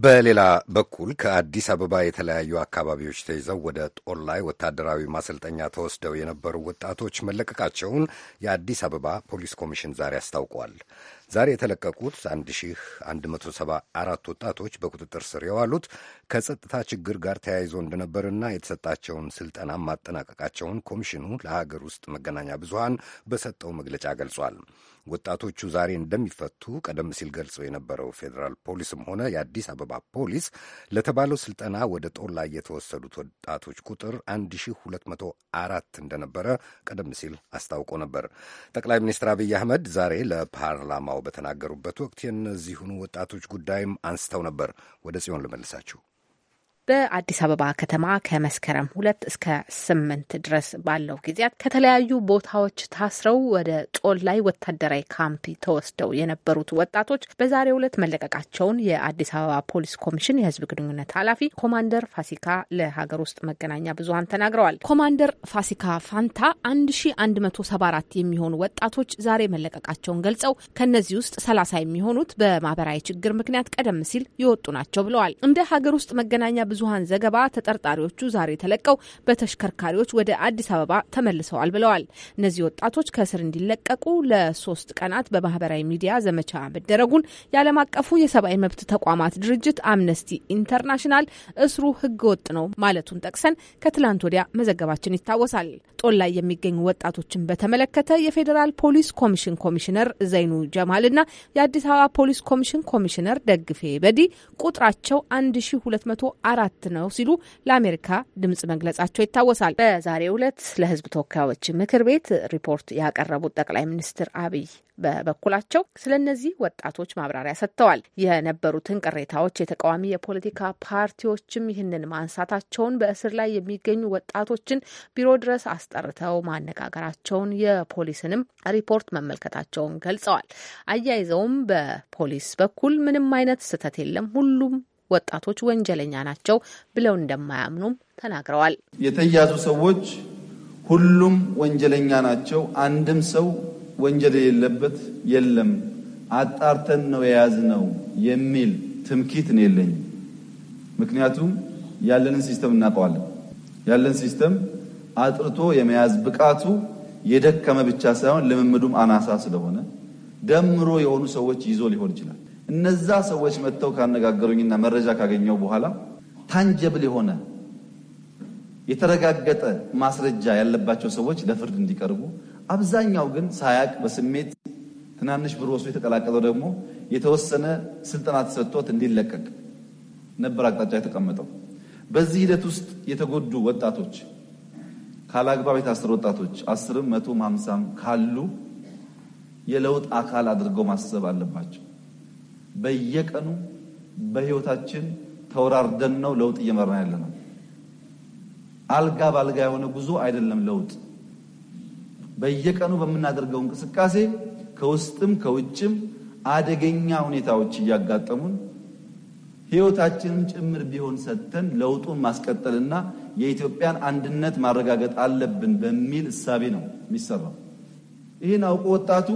በሌላ በኩል ከአዲስ አበባ የተለያዩ አካባቢዎች ተይዘው ወደ ጦር ላይ ወታደራዊ ማሰልጠኛ ተወስደው የነበሩ ወጣቶች መለቀቃቸውን የአዲስ አበባ ፖሊስ ኮሚሽን ዛሬ አስታውቋል። ዛሬ የተለቀቁት 1174 ወጣቶች በቁጥጥር ስር የዋሉት ከጸጥታ ችግር ጋር ተያይዞ እንደነበርና የተሰጣቸውን ስልጠና ማጠናቀቃቸውን ኮሚሽኑ ለሀገር ውስጥ መገናኛ ብዙሃን በሰጠው መግለጫ ገልጿል። ወጣቶቹ ዛሬ እንደሚፈቱ ቀደም ሲል ገልጸው የነበረው ፌዴራል ፖሊስም ሆነ የአዲስ አበባ ፖሊስ ለተባለው ስልጠና ወደ ጦር ላይ የተወሰዱት ወጣቶች ቁጥር 1204 እንደነበረ ቀደም ሲል አስታውቆ ነበር። ጠቅላይ ሚኒስትር አብይ አህመድ ዛሬ ለፓርላማው በተናገሩበት ወቅት የእነዚሁኑ ወጣቶች ጉዳይም አንስተው ነበር። ወደ ጽዮን ልመልሳችሁ። በአዲስ አበባ ከተማ ከመስከረም ሁለት እስከ ስምንት ድረስ ባለው ጊዜያት ከተለያዩ ቦታዎች ታስረው ወደ ጦል ላይ ወታደራዊ ካምፕ ተወስደው የነበሩት ወጣቶች በዛሬው ዕለት መለቀቃቸውን የአዲስ አበባ ፖሊስ ኮሚሽን የህዝብ ግንኙነት ኃላፊ ኮማንደር ፋሲካ ለሀገር ውስጥ መገናኛ ብዙሀን ተናግረዋል። ኮማንደር ፋሲካ ፋንታ 1174 የሚሆኑ ወጣቶች ዛሬ መለቀቃቸውን ገልጸው ከእነዚህ ውስጥ 30 የሚሆኑት በማህበራዊ ችግር ምክንያት ቀደም ሲል የወጡ ናቸው ብለዋል። እንደ ሀገር ውስጥ መገናኛ ብዙሀን ዘገባ ተጠርጣሪዎቹ ዛሬ ተለቀው በተሽከርካሪዎች ወደ አዲስ አበባ ተመልሰዋል ብለዋል። እነዚህ ወጣቶች ከእስር እንዲለቀቁ ለሶስት ቀናት በማህበራዊ ሚዲያ ዘመቻ መደረጉን የዓለም አቀፉ የሰብአዊ መብት ተቋማት ድርጅት አምነስቲ ኢንተርናሽናል እስሩ ህገወጥ ነው ማለቱን ጠቅሰን ከትላንት ወዲያ መዘገባችን ይታወሳል። ጦል ላይ የሚገኙ ወጣቶችን በተመለከተ የፌዴራል ፖሊስ ኮሚሽን ኮሚሽነር ዘይኑ ጀማልና የአዲስ አበባ ፖሊስ ኮሚሽን ኮሚሽነር ደግፌ በዲ ቁጥራቸው 1204 ሰባት ነው ሲሉ ለአሜሪካ ድምጽ መግለጻቸው ይታወሳል። በዛሬው ዕለት ለህዝብ ተወካዮች ምክር ቤት ሪፖርት ያቀረቡት ጠቅላይ ሚኒስትር አብይ በበኩላቸው ስለ እነዚህ ወጣቶች ማብራሪያ ሰጥተዋል። የነበሩትን ቅሬታዎች የተቃዋሚ የፖለቲካ ፓርቲዎችም ይህንን ማንሳታቸውን፣ በእስር ላይ የሚገኙ ወጣቶችን ቢሮ ድረስ አስጠርተው ማነጋገራቸውን፣ የፖሊስንም ሪፖርት መመልከታቸውን ገልጸዋል። አያይዘውም በፖሊስ በኩል ምንም አይነት ስህተት የለም፣ ሁሉም ወጣቶች ወንጀለኛ ናቸው ብለው እንደማያምኑም ተናግረዋል። የተያዙ ሰዎች ሁሉም ወንጀለኛ ናቸው፣ አንድም ሰው ወንጀል የሌለበት የለም፣ አጣርተን ነው የያዝነው የሚል ትምኪት ነው የለኝም። ምክንያቱም ያለንን ሲስተም እናውቀዋለን። ያለን ሲስተም አጥርቶ የመያዝ ብቃቱ የደከመ ብቻ ሳይሆን ልምምዱም አናሳ ስለሆነ ደምሮ የሆኑ ሰዎች ይዞ ሊሆን ይችላል። እነዛ ሰዎች መጥተው ካነጋገሩኝና መረጃ ካገኘው በኋላ ታንጀብል የሆነ የተረጋገጠ ማስረጃ ያለባቸው ሰዎች ለፍርድ እንዲቀርቡ፣ አብዛኛው ግን ሳያቅ በስሜት ትናንሽ ብር ወስዶ የተቀላቀለው ደግሞ የተወሰነ ስልጠና ተሰጥቶት እንዲለቀቅ ነበር አቅጣጫ የተቀመጠው። በዚህ ሂደት ውስጥ የተጎዱ ወጣቶች ካላግባብ የታሰሩ ወጣቶች አስርም መቶም ሀምሳም ካሉ የለውጥ አካል አድርገው ማሰብ አለባቸው። በየቀኑ በህይወታችን ተወራርደን ነው ለውጥ እየመራን ያለ ነው። አልጋ በአልጋ የሆነ ጉዞ አይደለም። ለውጥ በየቀኑ በምናደርገው እንቅስቃሴ ከውስጥም ከውጭም አደገኛ ሁኔታዎች እያጋጠሙን ህይወታችንን ጭምር ቢሆን ሰጥተን ለውጡን ማስቀጠልና የኢትዮጵያን አንድነት ማረጋገጥ አለብን በሚል እሳቤ ነው የሚሰራው። ይህን አውቆ ወጣቱ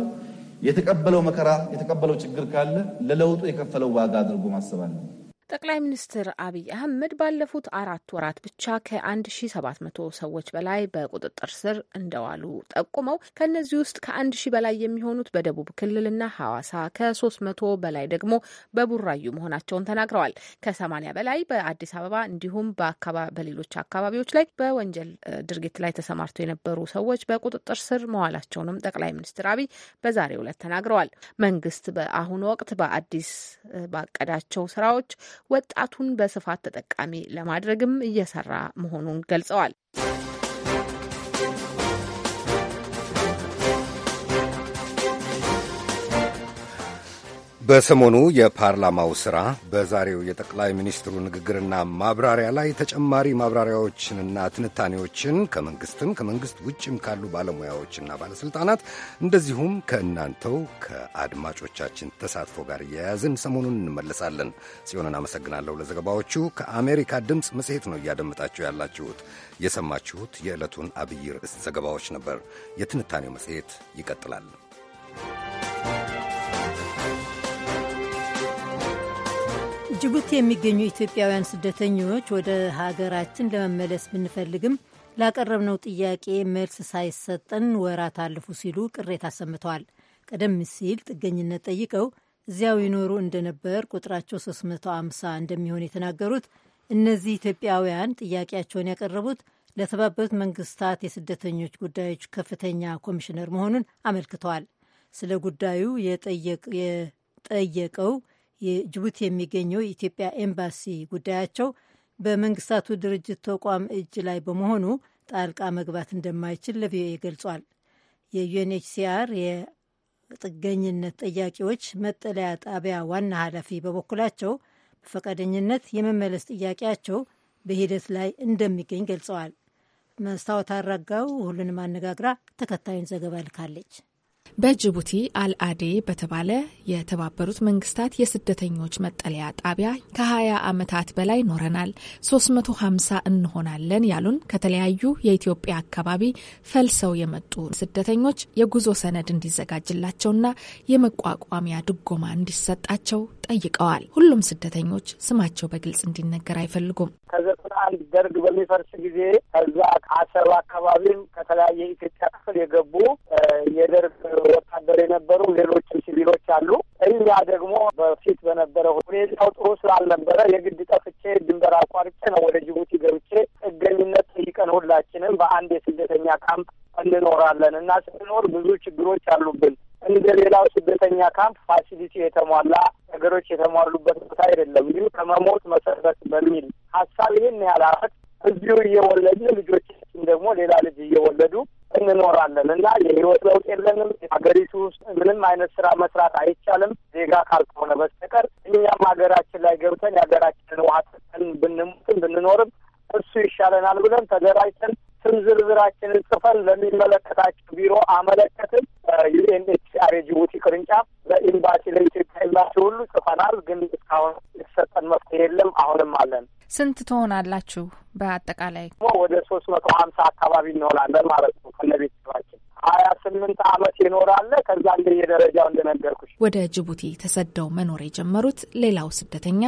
የተቀበለው መከራ የተቀበለው ችግር ካለ ለለውጡ የከፈለው ዋጋ አድርጎ ማሰብ አለበት። ጠቅላይ ሚኒስትር አብይ አህመድ ባለፉት አራት ወራት ብቻ ከ1700 ሰዎች በላይ በቁጥጥር ስር እንደዋሉ ጠቁመው ከእነዚህ ውስጥ ከ1000 በላይ የሚሆኑት በደቡብ ክልልና ሐዋሳ ከ300 በላይ ደግሞ በቡራዩ መሆናቸውን ተናግረዋል። ከ80 በላይ በአዲስ አበባ እንዲሁም በሌሎች አካባቢዎች ላይ በወንጀል ድርጊት ላይ ተሰማርተው የነበሩ ሰዎች በቁጥጥር ስር መዋላቸውንም ጠቅላይ ሚኒስትር አብይ በዛሬው ዕለት ተናግረዋል። መንግስት በአሁኑ ወቅት በአዲስ ባቀዳቸው ስራዎች ወጣቱን በስፋት ተጠቃሚ ለማድረግም እየሰራ መሆኑን ገልጸዋል። በሰሞኑ የፓርላማው ሥራ በዛሬው የጠቅላይ ሚኒስትሩ ንግግርና ማብራሪያ ላይ ተጨማሪ ማብራሪያዎችንና ትንታኔዎችን ከመንግሥትም ከመንግሥት ውጭም ካሉ ባለሙያዎችና ባለሥልጣናት እንደዚሁም ከእናንተው ከአድማጮቻችን ተሳትፎ ጋር እየያዝን ሰሞኑን እንመለሳለን። ጽዮንን አመሰግናለሁ ለዘገባዎቹ። ከአሜሪካ ድምፅ መጽሔት ነው እያደመጣችሁ ያላችሁት። የሰማችሁት የዕለቱን አብይ ርዕስ ዘገባዎች ነበር። የትንታኔው መጽሔት ይቀጥላል። በጅቡቲ የሚገኙ ኢትዮጵያውያን ስደተኞች ወደ ሀገራችን ለመመለስ ብንፈልግም ላቀረብነው ጥያቄ መልስ ሳይሰጠን ወራት አለፉ ሲሉ ቅሬታ አሰምተዋል። ቀደም ሲል ጥገኝነት ጠይቀው እዚያው ይኖሩ እንደነበር ቁጥራቸው 350 እንደሚሆን የተናገሩት እነዚህ ኢትዮጵያውያን ጥያቄያቸውን ያቀረቡት ለተባበሩት መንግስታት የስደተኞች ጉዳዮች ከፍተኛ ኮሚሽነር መሆኑን አመልክተዋል። ስለ ጉዳዩ የጠየቀው የጅቡቲ የሚገኘው የኢትዮጵያ ኤምባሲ ጉዳያቸው በመንግስታቱ ድርጅት ተቋም እጅ ላይ በመሆኑ ጣልቃ መግባት እንደማይችል ለቪኦኤ ገልጿል። የዩኤንኤችሲአር የጥገኝነት ጥያቄዎች መጠለያ ጣቢያ ዋና ኃላፊ በበኩላቸው በፈቃደኝነት የመመለስ ጥያቄያቸው በሂደት ላይ እንደሚገኝ ገልጸዋል። መስታወት አራጋው ሁሉንም አነጋግራ ተከታዩን ዘገባ ልካለች። በጅቡቲ አልአዴ በተባለ የተባበሩት መንግስታት የስደተኞች መጠለያ ጣቢያ ከ20 ዓመታት በላይ ኖረናል። 350 እንሆናለን ያሉን ከተለያዩ የኢትዮጵያ አካባቢ ፈልሰው የመጡ ስደተኞች የጉዞ ሰነድ እንዲዘጋጅላቸውና የመቋቋሚያ ድጎማ እንዲሰጣቸው ጠይቀዋል። ሁሉም ስደተኞች ስማቸው በግልጽ እንዲነገር አይፈልጉም። ከዘጠና አንድ ደርግ በሚፈርስ ጊዜ ከዛ አሰብ አካባቢም ከተለያየ ኢትዮጵያ ክፍል የገቡ የደርግ ወታደር የነበሩ ሌሎችም ሲቪሎች አሉ። እኛ ደግሞ በፊት በነበረ ሁኔታው ጥሩ ስላልነበረ የግድ ጠፍቼ ድንበር አቋርጬ ነው ወደ ጅቡቲ ገብቼ ጥገኝነት ጠይቀን ሁላችንም በአንድ የስደተኛ ካምፕ እንኖራለን እና ስንኖር ብዙ ችግሮች አሉብን። እንደ ሌላው ስደተኛ ካምፕ ፋሲሊቲ የተሟላ ነገሮች የተሟሉበት ቦታ አይደለም። ይህ ከመሞት መሰረት በሚል ሀሳብ ይህን ያህል አመት እዚሁ እየወለድን ልጆቻችን ደግሞ ሌላ ልጅ እየወለዱ እንኖራለን እና የህይወት ለውጥ የለንም። ሀገሪቱ ውስጥ ምንም አይነት ስራ መስራት አይቻልም ዜጋ ካልሆነ በስተቀር እኛም ሀገራችን ላይ ገብተን የሀገራችንን ውሀ ጠጥተን ብንሞትም ብንኖርም እሱ ይሻለናል ብለን ተደራጅተን ስም ዝርዝራችንን ጽፈን ለሚመለከታቸው ቢሮ አመለከትን። ዩኤንኤችሲአር የጅቡቲ ቅርንጫፍ በኢምባሲ ለኢትዮጵያ ኤምባሲ ሁሉ ጽፈናል፣ ግን እስካሁን የተሰጠን መፍትሄ የለም። አሁንም አለን። ስንት ትሆናላችሁ? በአጠቃላይ ወደ ሶስት መቶ ሀምሳ አካባቢ እንሆናለን ማለት ነው ከነቤተሰባችን ሀያ ስምንት አመት ይኖራለ። ከዛ እንደ የደረጃው እንደነገርኩሽ ወደ ጅቡቲ ተሰደው መኖር የጀመሩት ሌላው ስደተኛ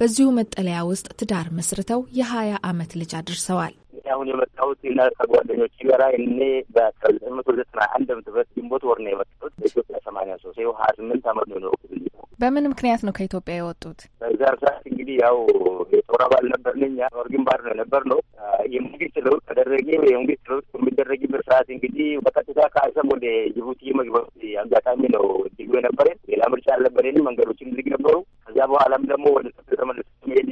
በዚሁ መጠለያ ውስጥ ትዳር መስርተው የሀያ አመት ልጅ አድርሰዋል። አሁን የመጣሁት እና ከጓደኞች ጋራ እኔ በአስራ ዘጠኝ መቶ ዘጠና አንድ ዓመተ ምህረት ግንቦት ወር ነው የመጣሁት በኢትዮጵያ ሰማንያ ሶስት ይኸው ሀያ ስምንት አመት ነው ነው በምን ምክንያት ነው ከኢትዮጵያ የወጡት? በዛን ሰዓት እንግዲህ ያው የጦር አባል ነበርን እኛ ጦር ግንባር ነው የነበር ነው። የመንግስት ለውጥ ተደረገ። የመንግስት ለውጥ በሚደረግበት ሰዓት እንግዲህ በቀጥታ ከአሰብ ወደ ጅቡቲ መግባት አጋጣሚ ነው እድሉ የነበረን። ሌላ ምርጫ አልነበረንም። መንገዶችን ዝግ ነበሩ። ከዛ በኋላም ደግሞ ወደ ተመለስ ሄድ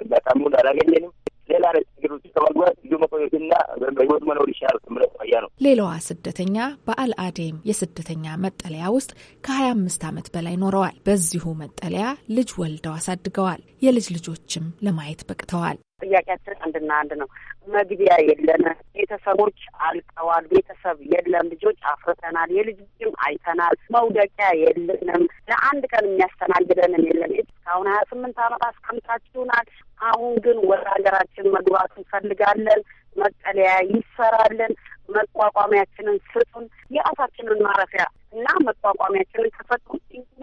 አጋጣሚውን አላገኘንም። ሌላ ነ ከችግር ውጭ ከመግባት ብዙ መቆየትና በህይወት መኖር ይሻል ምለት ያ ነው። ሌላዋ ስደተኛ በአልአዴም የስደተኛ መጠለያ ውስጥ ከሀያ አምስት ዓመት በላይ ኖረዋል። በዚሁ መጠለያ ልጅ ወልደው አሳድገዋል። የልጅ ልጆችም ለማየት በቅተዋል። ጥያቄያችን አንድና አንድ ነው። መግቢያ የለንም። ቤተሰቦች አልቀዋል። ቤተሰብ የለም። ልጆች አፍርተናል። የልጅ ልጅም አይተናል። መውደቂያ የለንም። ለአንድ ቀን የሚያስተናግደንም የለን። እስካሁን ሀያ ስምንት ዓመት አስቀምጣችሁናል። አሁን ግን ወደ ሀገራችን መግባት እንፈልጋለን። መጠለያ ይሰራለን። መቋቋሚያችንን ስጡን። የአሳችንን ማረፊያ እና መቋቋሚያችንን ከፈጡ እኛ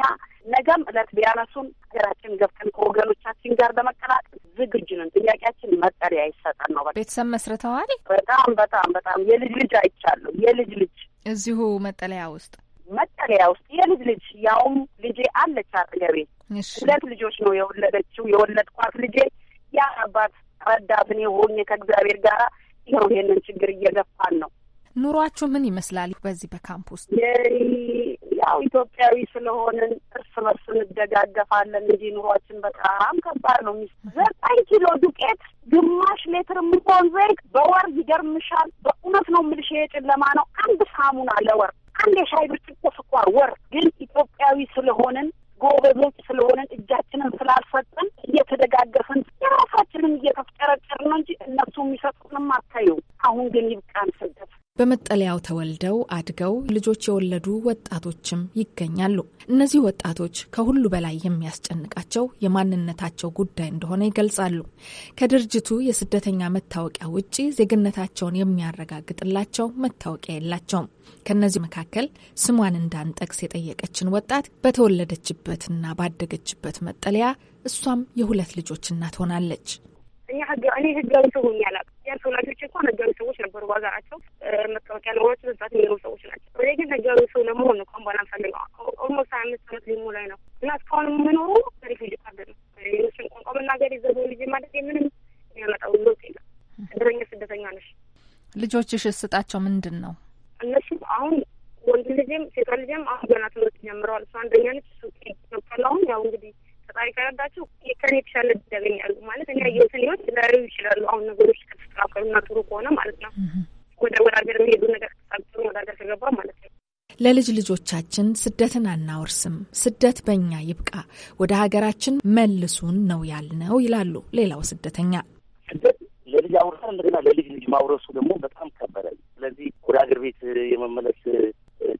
ነገም እለት ቢያነሱን ሀገራችን ገብተን ከወገኖቻችን ጋር ለመቀላቀል ዝግጁ ነን። ጥያቄያችን መጠለያ ይሰጠን ነው። ቤተሰብ መስርተዋል። በጣም በጣም በጣም የልጅ ልጅ አይቻለሁ። የልጅ ልጅ እዚሁ መጠለያ ውስጥ መጠለያ ውስጥ የልጅ ልጅ ያውም ልጄ አለች አጠገቤ። ሁለት ልጆች ነው የወለደችው የወለድኳት ልጄ ያ አባት ረዳት እኔ ከእግዚአብሔር ጋር ይኸው ይሄንን ችግር እየገፋን ነው። ኑሯችሁ ምን ይመስላል በዚህ በካምፕ ውስጥ? ያው ኢትዮጵያዊ ስለሆንን እርስ በርስ እንደጋገፋለን እንጂ ኑሯችን በጣም ከባድ ነው። ዘጠኝ ኪሎ ዱቄት፣ ግማሽ ሌትር የምንሆን ዘይት በወር ይገርምሻል። በእውነት ነው የምልሽ፣ የጨለማ ነው። አንድ ሳሙና ለወር አንድ የሻይ ብርጭቆ ስኳር ወር። ግን ኢትዮጵያዊ ስለሆንን ጎበዞች ስለሆነን እጃችንን ስላልሰጠን እየተደጋገፍን የራሳችንን እየተፍጨረጨርን ነው እንጂ እነሱ የሚሰጡንም አታዩ። አሁን ግን ይብቃን ስደት። በመጠለያው ተወልደው አድገው ልጆች የወለዱ ወጣቶችም ይገኛሉ። እነዚህ ወጣቶች ከሁሉ በላይ የሚያስጨንቃቸው የማንነታቸው ጉዳይ እንደሆነ ይገልጻሉ። ከድርጅቱ የስደተኛ መታወቂያ ውጪ ዜግነታቸውን የሚያረጋግጥላቸው መታወቂያ የላቸውም። ከእነዚህ መካከል ስሟን እንዳንጠቅስ የጠየቀችን ወጣት በተወለደችበትና ባደገችበት መጠለያ እሷም የሁለት ልጆች እናት ሆናለች። እኔ ህጋዊ ትሆኛል የእርስ ወላጆች እኮ ነገሩ ሰዎች ነበሩ። በሀገራቸው መታወቂያ ለሆናቸው መስራት የሚኖሩ ሰዎች ናቸው። እኔ ግን ነገሩ ሰው ለመሆን ነው። ከአሁን በኋላ ፈልገ ኦልሞስት ሀያ አምስት አመት ሊሙ ላይ ነው እና እስካሁን የምኖሩ ሪፊውጂ ካርድ ነው። ሌሎችን ቋንቋ መናገር የዘቦ ልጅ ማለት የምንም የሚያመጣው ለውጥ የለም። እድረኛ ስደተኛ ነሽ። ልጆችሽ እጣቸው ምንድን ነው? እነሱም አሁን ወንድ ልጅም ሴቷ ልጅም አሁን ገና ትምህርት ጀምረዋል። እሱ አንደኛ ነች። እሱ ገብቷል። አሁን ያው እንግዲህ ፈጣሪ ከረዳቸው ከኔ የተሻለ ያገኛሉ ማለት እኔ ያየሁትን ህይወት ላዩ ይችላሉ። አሁን ነገሮች ከተስተካከሉና ጥሩ ከሆነ ማለት ነው ወደ ወደ ሀገር የሚሄዱ ነገር ከተስተካከሉ ወደ ሀገር ከገባ ማለት ነው። ለልጅ ልጆቻችን ስደትን አናወርስም፣ ስደት በእኛ ይብቃ፣ ወደ ሀገራችን መልሱን ነው ያልነው ይላሉ ሌላው ስደተኛ። ስደት ለልጅ አውርሰን እንደገና ለልጅ ልጅ ማውረሱ ደግሞ በጣም ከበዳል። ስለዚህ ወደ ሀገር ቤት የመመለስ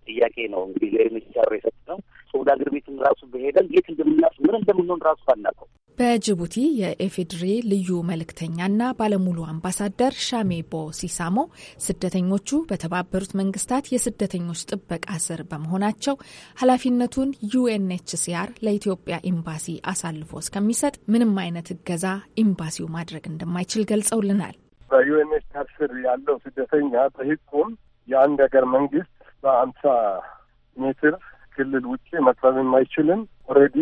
ጥያቄ ነው እንግዲህ ለሚቻሩ የሰጥ ነው ወደ አገር ቤትም ራሱ በሄደን የት እንደምናርፍ ምን እንደምንሆን ራሱ አናውቀው። በጅቡቲ የኤፌድሪ ልዩ መልእክተኛና ባለሙሉ አምባሳደር ሻሜቦ ሲሳሞ ስደተኞቹ በተባበሩት መንግስታት የስደተኞች ጥበቃ ስር በመሆናቸው ኃላፊነቱን ዩኤንኤችሲአር ለኢትዮጵያ ኤምባሲ አሳልፎ እስከሚሰጥ ምንም አይነት እገዛ ኤምባሲው ማድረግ እንደማይችል ገልጸውልናል። በዩኤንኤችሲአር ስር ያለው ስደተኛ በሕጉም የአንድ ሀገር መንግስት በአምሳ ሜትር ክልል ውጭ መቅረብ የማይችልም ኦልሬዲ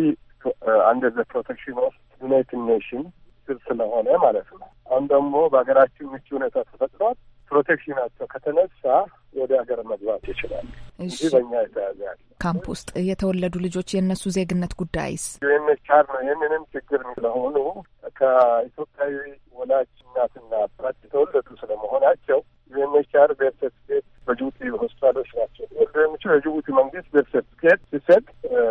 አንደር ዘ ፕሮቴክሽን ኦፍ ዩናይትድ ኔሽን ስር ስለሆነ ማለት ነው። አሁን ደግሞ በሀገራችን ምቹ ሁኔታ ተፈጥሯል። ፕሮቴክሽናቸው ከተነሳ ወደ ሀገር መግባት ይችላል እንጂ በእኛ የተያዘ ያለ ካምፕ ውስጥ የተወለዱ ልጆች የእነሱ ዜግነት ጉዳይስ ዩኤንኤችአር ነው ይህንንም ችግር ስለሆኑ ከኢትዮጵያዊ ወላጅ እናትና አባት የተወለዱ ስለመሆናቸው ዩኤንኤችአር ቤተሰብ ቤት በጅቡቲ ሆስፒታሎች ናቸው። እስረኞቹ የጅቡቲ መንግስት ደርስ ሰርቲፊኬት ሲሰጥ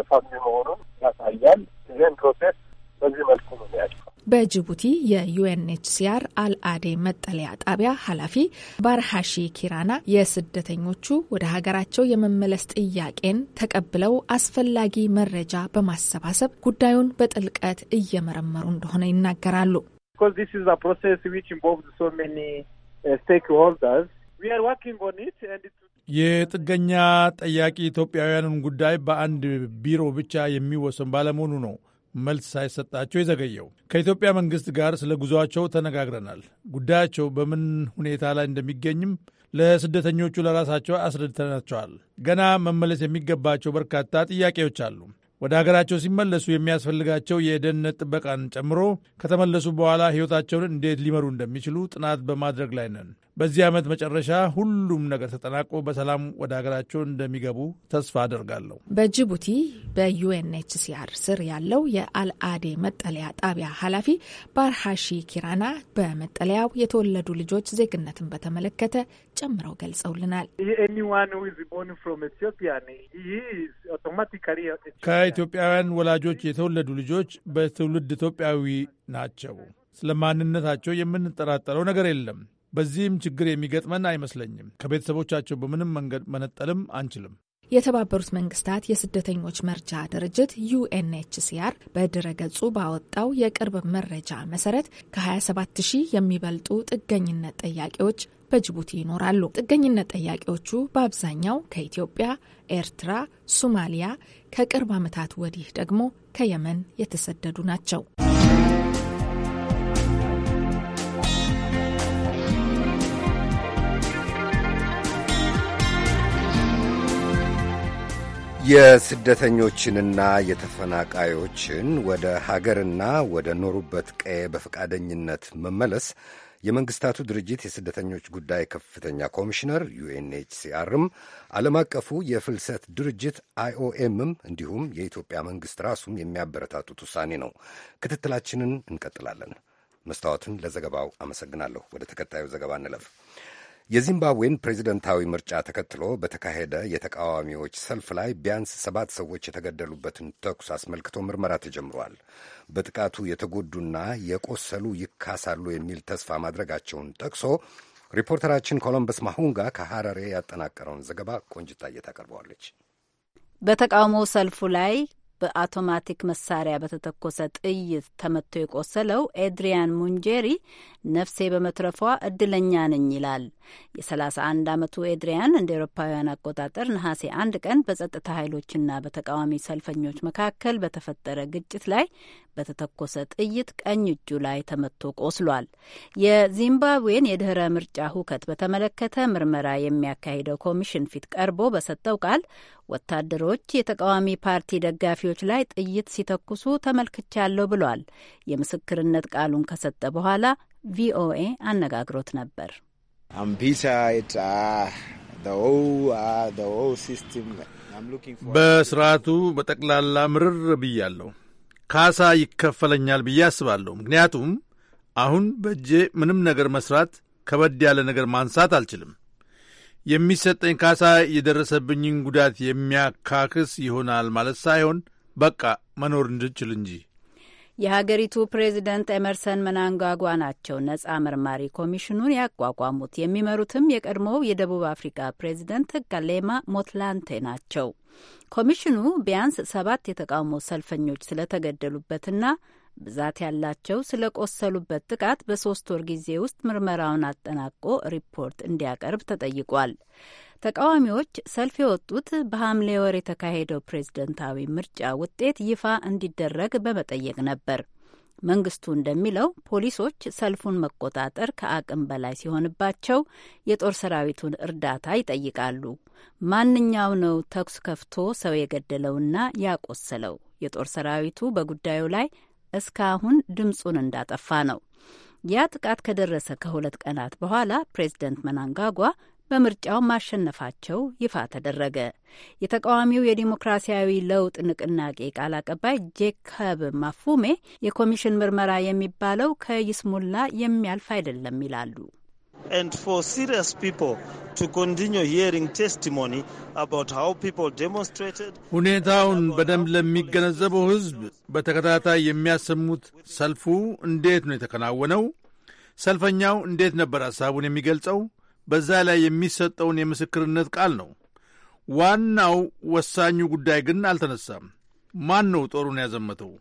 ፋሚሊ መሆኑን ያሳያል። ይህን ፕሮሴስ በዚህ መልኩ ነው ያለ። በጅቡቲ የዩኤንኤችሲአር አልአዴ መጠለያ ጣቢያ ኃላፊ ባርሃሺ ኪራና የስደተኞቹ ወደ ሀገራቸው የመመለስ ጥያቄን ተቀብለው አስፈላጊ መረጃ በማሰባሰብ ጉዳዩን በጥልቀት እየመረመሩ እንደሆነ ይናገራሉ። የጥገኛ ጠያቂ ኢትዮጵያውያንን ጉዳይ በአንድ ቢሮ ብቻ የሚወሰን ባለመሆኑ ነው መልስ ሳይሰጣቸው የዘገየው። ከኢትዮጵያ መንግስት ጋር ስለ ጉዟቸው ተነጋግረናል። ጉዳያቸው በምን ሁኔታ ላይ እንደሚገኝም ለስደተኞቹ ለራሳቸው አስረድተናቸዋል። ገና መመለስ የሚገባቸው በርካታ ጥያቄዎች አሉ። ወደ ሀገራቸው ሲመለሱ የሚያስፈልጋቸው የደህንነት ጥበቃን ጨምሮ ከተመለሱ በኋላ ሕይወታቸውን እንዴት ሊመሩ እንደሚችሉ ጥናት በማድረግ ላይ ነን። በዚህ ዓመት መጨረሻ ሁሉም ነገር ተጠናቆ በሰላም ወደ ሀገራቸው እንደሚገቡ ተስፋ አደርጋለሁ። በጅቡቲ በዩኤንኤችሲአር ስር ያለው የአልአዴ መጠለያ ጣቢያ ኃላፊ ባርሃሺ ኪራና በመጠለያው የተወለዱ ልጆች ዜግነትን በተመለከተ ጨምረው ገልጸውልናል። ከኢትዮጵያውያን ወላጆች የተወለዱ ልጆች በትውልድ ኢትዮጵያዊ ናቸው። ስለማንነታቸው የምንጠራጠረው ነገር የለም። በዚህም ችግር የሚገጥመን አይመስለኝም። ከቤተሰቦቻቸው በምንም መንገድ መነጠልም አንችልም። የተባበሩት መንግስታት የስደተኞች መርጃ ድርጅት ዩኤንኤችሲአር በድረገጹ ባወጣው የቅርብ መረጃ መሰረት ከ27 ሺህ የሚበልጡ ጥገኝነት ጠያቂዎች በጅቡቲ ይኖራሉ። ጥገኝነት ጠያቂዎቹ በአብዛኛው ከኢትዮጵያ፣ ኤርትራ፣ ሶማሊያ፣ ከቅርብ ዓመታት ወዲህ ደግሞ ከየመን የተሰደዱ ናቸው። የስደተኞችንና የተፈናቃዮችን ወደ ሀገርና ወደ ኖሩበት ቀየ በፈቃደኝነት መመለስ የመንግስታቱ ድርጅት የስደተኞች ጉዳይ ከፍተኛ ኮሚሽነር ዩኤንኤችሲአርም ዓለም አቀፉ የፍልሰት ድርጅት አይኦኤምም እንዲሁም የኢትዮጵያ መንግስት ራሱም የሚያበረታቱት ውሳኔ ነው። ክትትላችንን እንቀጥላለን። መስታወትን ለዘገባው አመሰግናለሁ። ወደ ተከታዩ ዘገባ እንለፍ። የዚምባብዌን ፕሬዚደንታዊ ምርጫ ተከትሎ በተካሄደ የተቃዋሚዎች ሰልፍ ላይ ቢያንስ ሰባት ሰዎች የተገደሉበትን ተኩስ አስመልክቶ ምርመራ ተጀምሯል። በጥቃቱ የተጎዱና የቆሰሉ ይካሳሉ የሚል ተስፋ ማድረጋቸውን ጠቅሶ ሪፖርተራችን ኮሎምበስ ማሁንጋ ከሐረሬ ያጠናቀረውን ዘገባ ቆንጅታ እየታቀርበዋለች። በተቃውሞ ሰልፉ ላይ በአውቶማቲክ መሳሪያ በተተኮሰ ጥይት ተመቶ የቆሰለው ኤድሪያን ሙንጄሪ ነፍሴ በመትረፏ እድለኛ ነኝ ይላል። የ31 ዓመቱ ኤድሪያን እንደ ኤሮፓውያን አቆጣጠር ነሐሴ አንድ ቀን በጸጥታ ኃይሎችና በተቃዋሚ ሰልፈኞች መካከል በተፈጠረ ግጭት ላይ በተተኮሰ ጥይት ቀኝ እጁ ላይ ተመቶ ቆስሏል። የዚምባብዌን የድኅረ ምርጫ ሁከት በተመለከተ ምርመራ የሚያካሂደው ኮሚሽን ፊት ቀርቦ በሰጠው ቃል ወታደሮች የተቃዋሚ ፓርቲ ደጋፊዎች ላይ ጥይት ሲተኩሱ ተመልክቻለሁ ብሏል። የምስክርነት ቃሉን ከሰጠ በኋላ ቪኦኤ አነጋግሮት ነበር። uh, uh, በስርዓቱ በጠቅላላ ምርር ብያለሁ። ካሳ ይከፈለኛል ብዬ አስባለሁ። ምክንያቱም አሁን በእጄ ምንም ነገር መስራት፣ ከበድ ያለ ነገር ማንሳት አልችልም። የሚሰጠኝ ካሳ የደረሰብኝን ጉዳት የሚያካክስ ይሆናል ማለት ሳይሆን በቃ መኖር እንድችል እንጂ። የሀገሪቱ ፕሬዚደንት ኤመርሰን መናንጓጓ ናቸው ነጻ መርማሪ ኮሚሽኑን ያቋቋሙት። የሚመሩትም የቀድሞው የደቡብ አፍሪካ ፕሬዚደንት ጋሌማ ሞትላንቴ ናቸው። ኮሚሽኑ ቢያንስ ሰባት የተቃውሞ ሰልፈኞች ስለተገደሉበትና ብዛት ያላቸው ስለ ቆሰሉበት ጥቃት በሶስት ወር ጊዜ ውስጥ ምርመራውን አጠናቆ ሪፖርት እንዲያቀርብ ተጠይቋል። ተቃዋሚዎች ሰልፍ የወጡት በሐምሌ ወር የተካሄደው ፕሬዝደንታዊ ምርጫ ውጤት ይፋ እንዲደረግ በመጠየቅ ነበር። መንግስቱ እንደሚለው ፖሊሶች ሰልፉን መቆጣጠር ከአቅም በላይ ሲሆንባቸው የጦር ሰራዊቱን እርዳታ ይጠይቃሉ። ማንኛው ነው ተኩስ ከፍቶ ሰው የገደለውና ያቆሰለው? የጦር ሰራዊቱ በጉዳዩ ላይ እስካሁን ድምፁን እንዳጠፋ ነው። ያ ጥቃት ከደረሰ ከሁለት ቀናት በኋላ ፕሬዝደንት መናንጋጓ በምርጫው ማሸነፋቸው ይፋ ተደረገ። የተቃዋሚው የዲሞክራሲያዊ ለውጥ ንቅናቄ ቃል አቀባይ ጄከብ ማፉሜ የኮሚሽን ምርመራ የሚባለው ከይስሙላ የሚያልፍ አይደለም ይላሉ። and for serious people to continue hearing testimony about how people demonstrated ሁኔታውን በደንብ ለሚገነዘበው ሕዝብ በተከታታይ የሚያሰሙት ሰልፉ እንዴት ነው የተከናወነው፣ ሰልፈኛው እንዴት ነበር ሐሳቡን የሚገልጸው፣ በዛ ላይ የሚሰጠውን የምስክርነት ቃል ነው። ዋናው ወሳኙ ጉዳይ ግን አልተነሳም። ማን ነው ጦሩን ያዘመተው?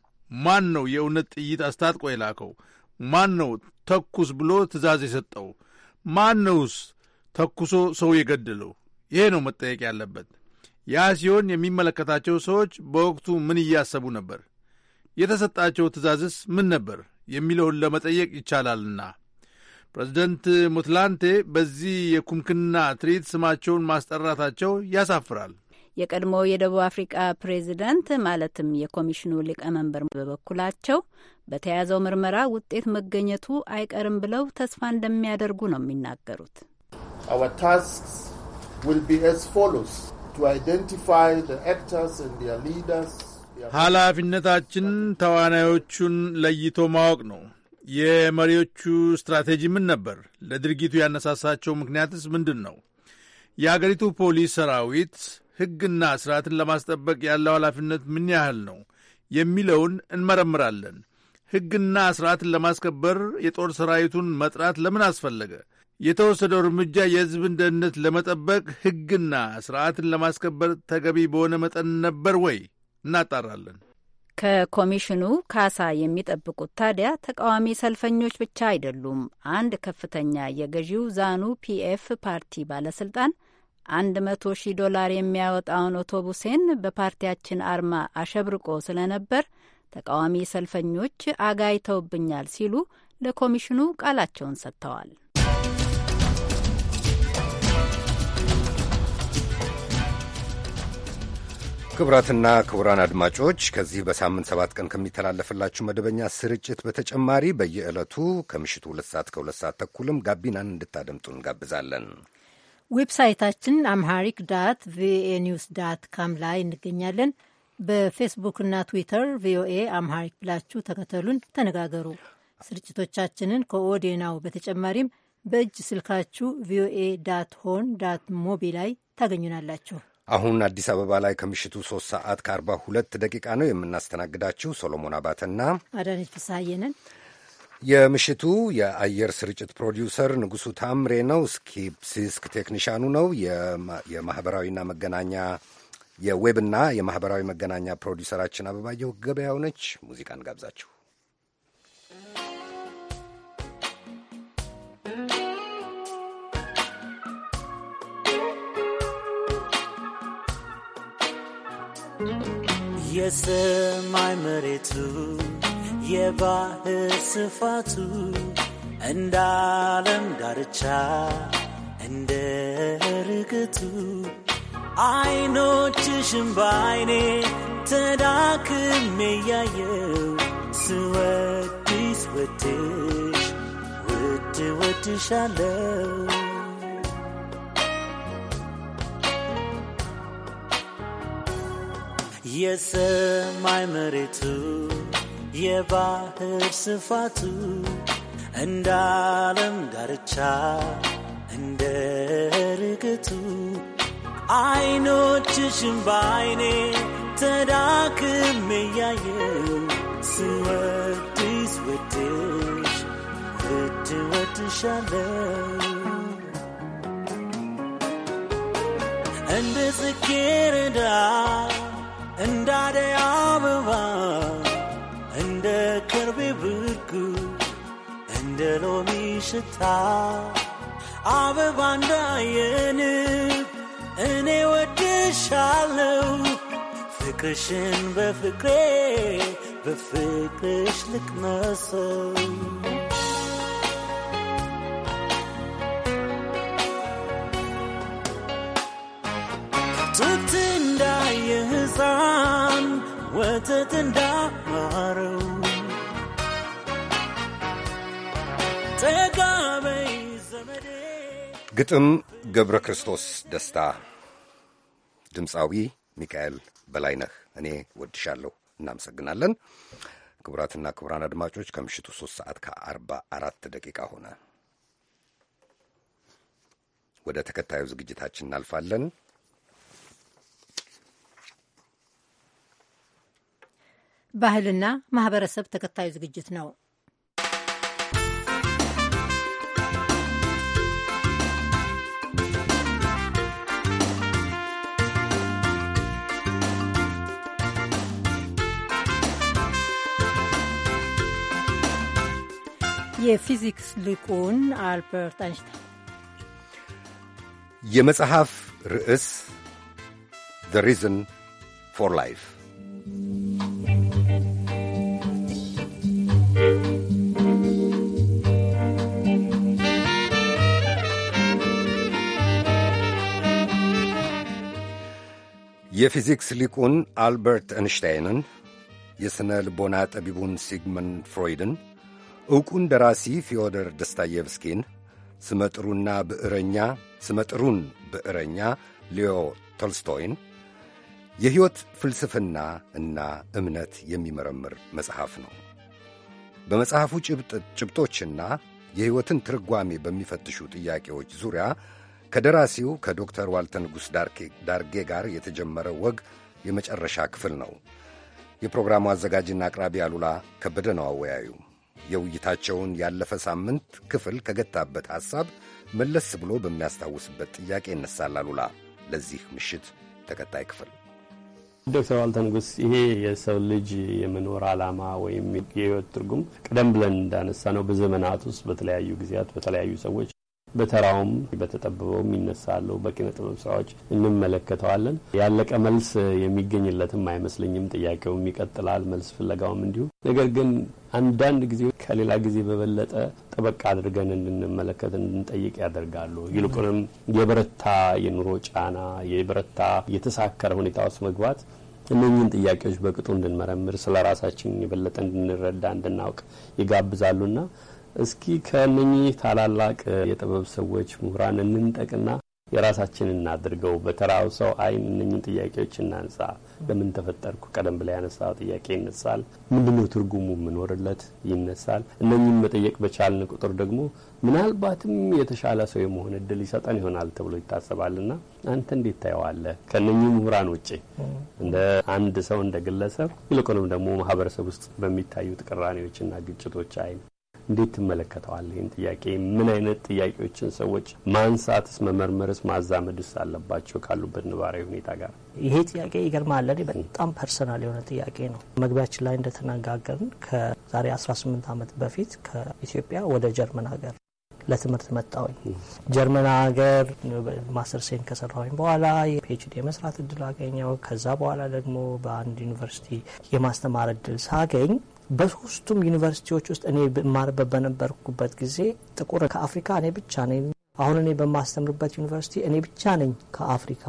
ማን ነው የእውነት ጥይት አስታጥቆ የላከው? ማን ነው ተኩስ ብሎ ትዕዛዝ የሰጠው? ማን ነውስ ተኩሶ ሰው የገደለው? ይሄ ነው መጠየቅ ያለበት። ያ ሲሆን የሚመለከታቸው ሰዎች በወቅቱ ምን እያሰቡ ነበር፣ የተሰጣቸው ትዕዛዝስ ምን ነበር የሚለውን ለመጠየቅ ይቻላልና። ፕሬዚደንት ሙትላንቴ በዚህ የኩምክና ትርኢት ስማቸውን ማስጠራታቸው ያሳፍራል። የቀድሞ የደቡብ አፍሪቃ ፕሬዚደንት ማለትም የኮሚሽኑ ሊቀመንበር በበኩላቸው በተያዘው ምርመራ ውጤት መገኘቱ አይቀርም ብለው ተስፋ እንደሚያደርጉ ነው የሚናገሩት። ኃላፊነታችን ተዋናዮቹን ለይቶ ማወቅ ነው። የመሪዎቹ ስትራቴጂ ምን ነበር? ለድርጊቱ ያነሳሳቸው ምክንያትስ ምንድን ነው? የአገሪቱ ፖሊስ ሰራዊት ሕግና ሥርዓትን ለማስጠበቅ ያለው ኃላፊነት ምን ያህል ነው የሚለውን እንመረምራለን። ሕግና ስርዓትን ለማስከበር የጦር ሰራዊቱን መጥራት ለምን አስፈለገ? የተወሰደው እርምጃ የሕዝብን ደህንነት ለመጠበቅ ሕግና ስርዓትን ለማስከበር ተገቢ በሆነ መጠን ነበር ወይ? እናጣራለን። ከኮሚሽኑ ካሳ የሚጠብቁት ታዲያ ተቃዋሚ ሰልፈኞች ብቻ አይደሉም። አንድ ከፍተኛ የገዢው ዛኑ ፒኤፍ ፓርቲ ባለስልጣን አንድ መቶ ሺህ ዶላር የሚያወጣውን አውቶቡሴን በፓርቲያችን አርማ አሸብርቆ ስለነበር ተቃዋሚ ሰልፈኞች አጋይተውብኛል ሲሉ ለኮሚሽኑ ቃላቸውን ሰጥተዋል። ክቡራትና ክቡራን አድማጮች ከዚህ በሳምንት ሰባት ቀን ከሚተላለፍላችሁ መደበኛ ስርጭት በተጨማሪ በየዕለቱ ከምሽቱ ሁለት ሰዓት ከሁለት ሰዓት ተኩልም ጋቢናን እንድታደምጡ እንጋብዛለን። ዌብሳይታችን አምሃሪክ ዳት ቪኦኤ ኒውስ ዳት ካም ላይ እንገኛለን። በፌስቡክና ትዊተር ቪኦኤ አምሃሪክ ብላችሁ ተከተሉን፣ ተነጋገሩ። ስርጭቶቻችንን ከኦዴናው በተጨማሪም በእጅ ስልካችሁ ቪኦኤ ዳት ሆን ዳት ሞቢ ላይ ታገኙናላችሁ። አሁን አዲስ አበባ ላይ ከምሽቱ ሶስት ሰዓት ከአርባ ሁለት ደቂቃ ነው። የምናስተናግዳችሁ ሶሎሞን አባተና አዳነች ፍስሐየንን የምሽቱ የአየር ስርጭት ፕሮዲውሰር ንጉሱ ታምሬ ነው። ሲስክ ቴክኒሻኑ ነው። የማኅበራዊና መገናኛ የዌብና የማኅበራዊ መገናኛ ፕሮዲውሰራችን አበባየሁ ገበያው ነች። ሙዚቃን ጋብዛችሁ የሰማይ መሬቱ የባህር ስፋቱ እንደ ዓለም ዳርቻ እንደ ርግቱ አይኖችሽም በአይኔ ተዳክሜ ያየው ስወድስ ወድሽ ውድ ወድሻለው የሰማይ መሬቱ የባህር ስፋቱ እንደ ዓለም ዳርቻ እንደ ርግቱ አይኖችሽን ባይኔ ተዳክሜ ያየው ስወድሽ ወድሽ ወድ ወድሻለው እንደ ጽጌረዳ እንደ አደይ አበባ እንደ ከርቤ ብርጉ እንደ ሎሚ ሽታ አበባ እንዳየን እኔ ወድሻለው ፍቅርሽን በፍቅሬ በፍቅርሽ ልቅመሰው ጡት እንዳየህፃን ወተት እንዳማረው ግጥም ገብረ ክርስቶስ ደስታ፣ ድምፃዊ ሚካኤል በላይነህ። እኔ ወድሻለሁ። እናመሰግናለን። ክቡራትና ክቡራን አድማጮች ከምሽቱ ሶስት ሰዓት ከአርባ አራት ደቂቃ ሆነ። ወደ ተከታዩ ዝግጅታችን እናልፋለን። ባህልና ማህበረሰብ ተከታዩ ዝግጅት ነው። የፊዚክስ ሊቁን አልበርት አይንሽታይን የመጽሐፍ ርዕስ ዘ ሪዝን ፎር ላይፍ የፊዚክስ ሊቁን አልበርት አንሽታይንን የሥነ ልቦና ጠቢቡን ሲግመንድ ፍሮይድን ዕውቁን ደራሲ ፊዮዶር ደስታየቭስኪን ስመጥሩና ብዕረኛ ስመጥሩን ብዕረኛ ሊዮ ቶልስቶይን የሕይወት ፍልስፍና እና እምነት የሚመረምር መጽሐፍ ነው። በመጽሐፉ ጭብጦችና የሕይወትን ትርጓሜ በሚፈትሹ ጥያቄዎች ዙሪያ ከደራሲው ከዶክተር ዋልተ ንጉሥ ዳርጌ ጋር የተጀመረ ወግ የመጨረሻ ክፍል ነው። የፕሮግራሙ አዘጋጅና አቅራቢ አሉላ ከበደ ነው አወያዩ። የውይይታቸውን ያለፈ ሳምንት ክፍል ከገታበት ሐሳብ መለስ ብሎ በሚያስታውስበት ጥያቄ ይነሳል። አሉላ ለዚህ ምሽት ተከታይ ክፍል ዶክተር ዋልተ ንጉስ፣ ይሄ የሰው ልጅ የመኖር ዓላማ ወይም የህይወት ትርጉም ቀደም ብለን እንዳነሳ ነው በዘመናት ውስጥ በተለያዩ ጊዜያት በተለያዩ ሰዎች በተራውም በተጠብበውም ይነሳሉ። በኪነ ጥበብ ስራዎች እንመለከተዋለን። ያለቀ መልስ የሚገኝለትም አይመስለኝም። ጥያቄውም ይቀጥላል፣ መልስ ፍለጋውም እንዲሁ። ነገር ግን አንዳንድ ጊዜ ከሌላ ጊዜ በበለጠ ጥበቅ አድርገን እንድንመለከት እንድንጠይቅ ያደርጋሉ። ይልቁንም የበረታ የኑሮ ጫና፣ የበረታ የተሳከረ ሁኔታ ውስጥ መግባት እነኝን ጥያቄዎች በቅጡ እንድንመረምር ስለ ራሳችን የበለጠ እንድንረዳ እንድናውቅ ይጋብዛሉና እስኪ ከእነኚህ ታላላቅ የጥበብ ሰዎች ምሁራን እንንጠቅና የራሳችን እናድርገው። በተራው ሰው አይን እነኝን ጥያቄዎች እናንሳ። ለምን ተፈጠርኩ? ቀደም ብላ ያነሳው ጥያቄ ይነሳል። ምንድነው ትርጉሙ? የምኖርለት ይነሳል። እነኝን መጠየቅ በቻልን ቁጥር ደግሞ ምናልባትም የተሻለ ሰው የመሆን እድል ይሰጠን ይሆናል ተብሎ ይታሰባልና አንተ እንዴት ታየዋለህ? ከእነኚህ ምሁራን ውጭ እንደ አንድ ሰው እንደ ግለሰብ፣ ይልቁንም ደግሞ ማህበረሰብ ውስጥ በሚታዩ ጥቅራኔዎችና ግጭቶች አይን እንዴት ትመለከተዋለህ? ይህን ጥያቄ ምን አይነት ጥያቄዎችን ሰዎች ማንሳትስ፣ መመርመርስ፣ ማዛመድስ አለባቸው ካሉበት ነባራዊ ሁኔታ ጋር? ይሄ ጥያቄ ይገርማል። እኔ በጣም ፐርሰናል የሆነ ጥያቄ ነው። መግቢያችን ላይ እንደተነጋገርን ከዛሬ 18 ዓመት በፊት ከኢትዮጵያ ወደ ጀርመን ሀገር ለትምህርት መጣሁኝ። ጀርመን ሀገር ማስተር ሴን ከሰራሁኝ በኋላ የፒኤችዲ የመስራት እድል አገኘው። ከዛ በኋላ ደግሞ በአንድ ዩኒቨርሲቲ የማስተማር እድል ሳገኝ በሶስቱም ዩኒቨርሲቲዎች ውስጥ እኔ ማርበ በነበርኩበት ጊዜ ጥቁር ከአፍሪካ እኔ ብቻ ነኝ። አሁን እኔ በማስተምርበት ዩኒቨርሲቲ እኔ ብቻ ነኝ ከአፍሪካ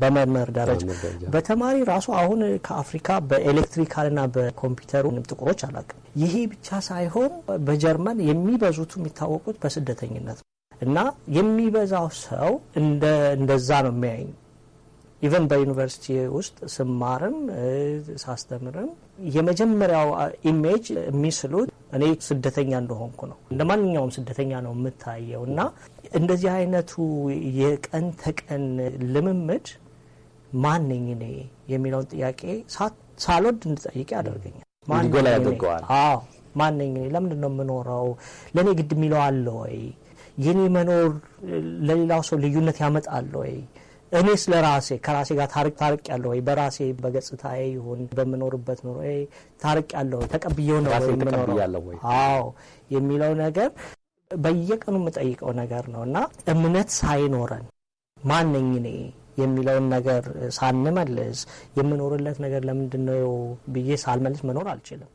በመምህር ደረጃ በተማሪ ራሱ አሁን ከአፍሪካ በኤሌክትሪካልና በኮምፒውተሩ ጥቁሮች አላውቅም። ይሄ ብቻ ሳይሆን በጀርመን የሚበዙት የሚታወቁት በስደተኝነት ነው እና የሚበዛው ሰው እንደዛ ነው የሚያየኝ ኢቨን በዩኒቨርሲቲ ውስጥ ስማርም ሳስተምርም የመጀመሪያው ኢሜጅ የሚስሉት እኔ ስደተኛ እንደሆንኩ ነው። እንደ ማንኛውም ስደተኛ ነው የምታየው እና እንደዚህ አይነቱ የቀን ተቀን ልምምድ ማነኝ እኔ የሚለውን ጥያቄ ሳልወድ እንድጠይቅ ያደርገኛል። ያደርገዋል። እኔ ለምንድን ነው የምኖረው? ለእኔ ግድ የሚለው አለ ወይ? የኔ መኖር ለሌላው ሰው ልዩነት ያመጣል ወይ እኔ ስለ ራሴ ከራሴ ጋር ታርቅ ታርቅ ያለሁ ወይ በራሴ በገጽታዬ ይሁን በምኖርበት ኑሮ ታርቅ ያለሁ ተቀብዬው ነው አዎ የሚለው ነገር በየቀኑ የምጠይቀው ነገር ነው እና እምነት ሳይኖረን ማነኝ እኔ የሚለውን ነገር ሳንመልስ የምኖርለት ነገር ለምንድን ነው ብዬ ሳልመልስ መኖር አልችልም።